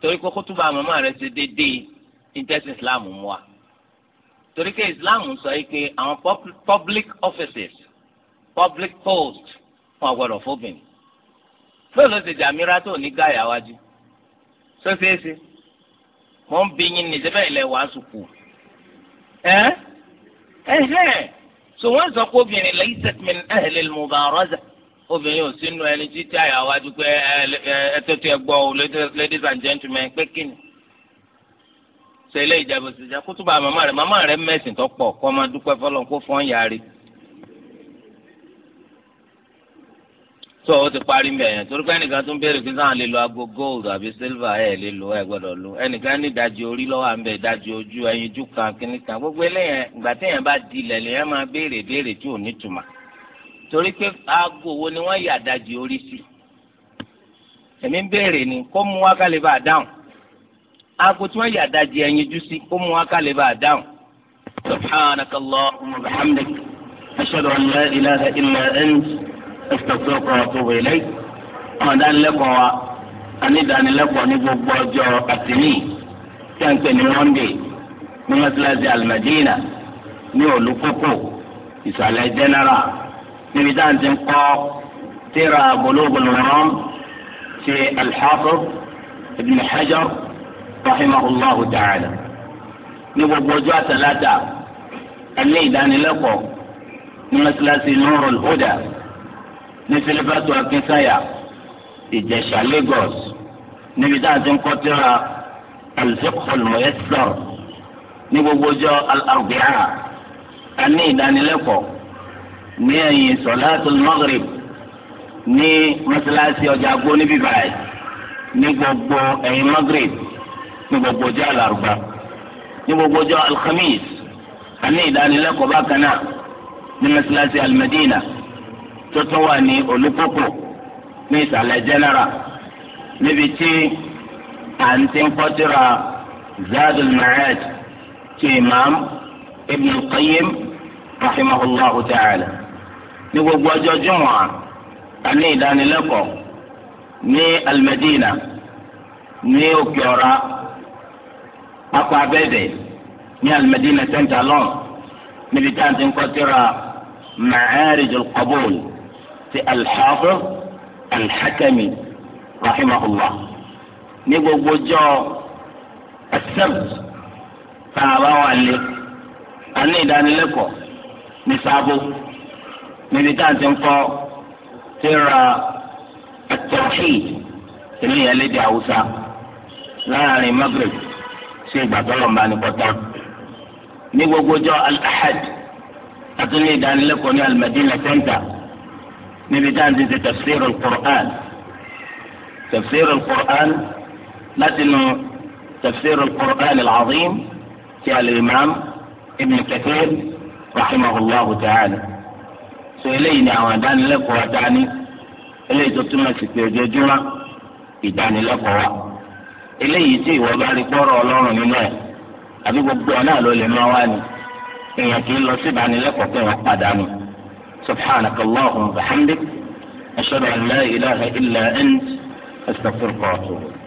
torí pé kótóbá màmá rẹ ṣe déédéé interest islam mu wa torí pé islam sọ yìí pé àwọn public offices public post wọn gbọ́dọ̀ fóbìnrin fóònù ló ṣe jàmíra tó ní gáyà wájú sọsẹsẹ mo ń bí ní sẹfẹ ilẹ̀ wàá sùkú ẹ ẹ hẹ so wọn sọ pé obìnrin laysat min ahlil mubaraza obìnrin ò sínú ẹni títí àyàwájú pé ẹ tó tiẹ̀ gbọ́ o ladies and gentlemen pé kíni. ṣe ilé ìjẹ́bù sí ìjà kútùbà màmá rẹ̀ màmá rẹ̀ mẹ́sìn tó pọ̀ kọ́ máa dúpẹ́ fọlọ́n kó fọ́n yà rí. tó o ti parí mbẹ yẹn torí pé ẹnìkan tún béèrè pé sáà lè lo aago gold àbí silver ẹ lè lo ẹ gbọ́dọ̀ lo ẹnìkan ní ìdajì orí lọ́wọ́ àmbẹ ìdajì ojú ẹyin ojú kan kìnnìkan gbogbo eléyẹn ìgbà téèyàn bá dilẹ̀ lèyàn máa béèrè béèrè tí ò ní tùmọ̀ torí pé aago wo ni wọ́n yà dájú orí sí èmi ń béèrè ni kó mú wá kálí bá a dáhùn aago tí wọ́n yà dájú ẹyin jú sí kó mú wá kálí bá a dáhùn. سبحانك اللهم وبحمدك أشهد أن لا إله إلا أنت أستغفرك وأتوب إليك ọ̀dà ńlẹ́kọ̀ọ́ wa anídàánilẹ́kọ̀ọ́ ní gbogbo ọjọ́ àtìní tí a ń pè ní monday ní mọ́tíláṣí alimadina ní olùkókò ìsàlẹ̀ general níbi tá à ń ti kọ́ tíra Bulugul Maram ti al-Hafiz Ibn Hajar rahimahullahu ta'ala ní gbogbo ọjọ́ àtàlátà ẹni ìdánilẹ́kọ̀ọ́ ní mọ́sálásí Nurul Huda ní sílífàtò akínsàyà ìjẹ̀ṣà Lagos níbi tá à ń ti kọ́ tíra al-Fiqh al-Muyassar ní gbogbo ọjọ́ al-Arbi'a ẹni ìdánilẹ́kọ̀ọ́. ní ẹ̀yìn sọ̀láàtù magrib ní mọ́sálásí ọjà gbó níbí báyìí ní gbogbo ẹ̀yìn magrib ní gbogbo ọjọ́ àlàrúbá ní gbogbo ọjọ́ alhamis àní ìdánilẹ́kọ̀ọ́ bákan náà ní mọ́sálásí alimadina tó tún wà ní olùkókò ní ìsàlẹ̀ jẹ́nẹ́ra níbi tí à ń ti ń kọ́tìrà zaadul ma'ad ti imam ibn qayyim rahimahullahu ta'ala ní gbogbo ọjọ́ jùmọ̀à a ní ìdánilẹ́kọ̀ọ́ ní alimẹ́dínà ní òkè ọ̀rá pápá abẹ́ẹ̀dẹ̀ ní alimẹ́dínà sẹ́ńtà lọ́n níbi tí a ti ń kọ́ tírà ma'arijul qabul ti al-hafiz al-hakami ní gbogbo ọjọ́ as-sabt wà lé a ní ìdánilẹ́kọ̀ọ́ ní sábó. níbi tá à ti ń ti ra tíra at-tawhid yẹn lédè haúsá láàrin magreth sí ìgbà tó lọ́nba ní kọ́tà ní gbogbo ọjọ́ àti ní ìdánilẹ́kọ̀ọ́ alimadina al-Madina níbi tá à ń ti ṣe tafsir al-Qur'an tafsir al-Qur'an láti nu tafsir al-Qur'an al-azim ti al-imam ibn Kathir rahimahullahu ta'ala. so eléyìí ni àwọn ìdánilẹ́kọ̀ọ́ dání eléyìí tó túmọ̀ sí pé ojoojúmọ́ ìdánilẹ́kọ̀ọ́ wa eléyìí tí ìwọ bá rí pọ́rọ̀ ọlọ́run nínú ẹ̀ àbí gbogbo ọ̀nà àlọ́ lè má wá ni èèyàn kì í lọ sí ìdánilẹ́kọ̀ọ́ pé wọ́n padà nù subhanaka allahumma wa bihamdik alayhi an la ilaha illa ant astaghfiruka wa atubu.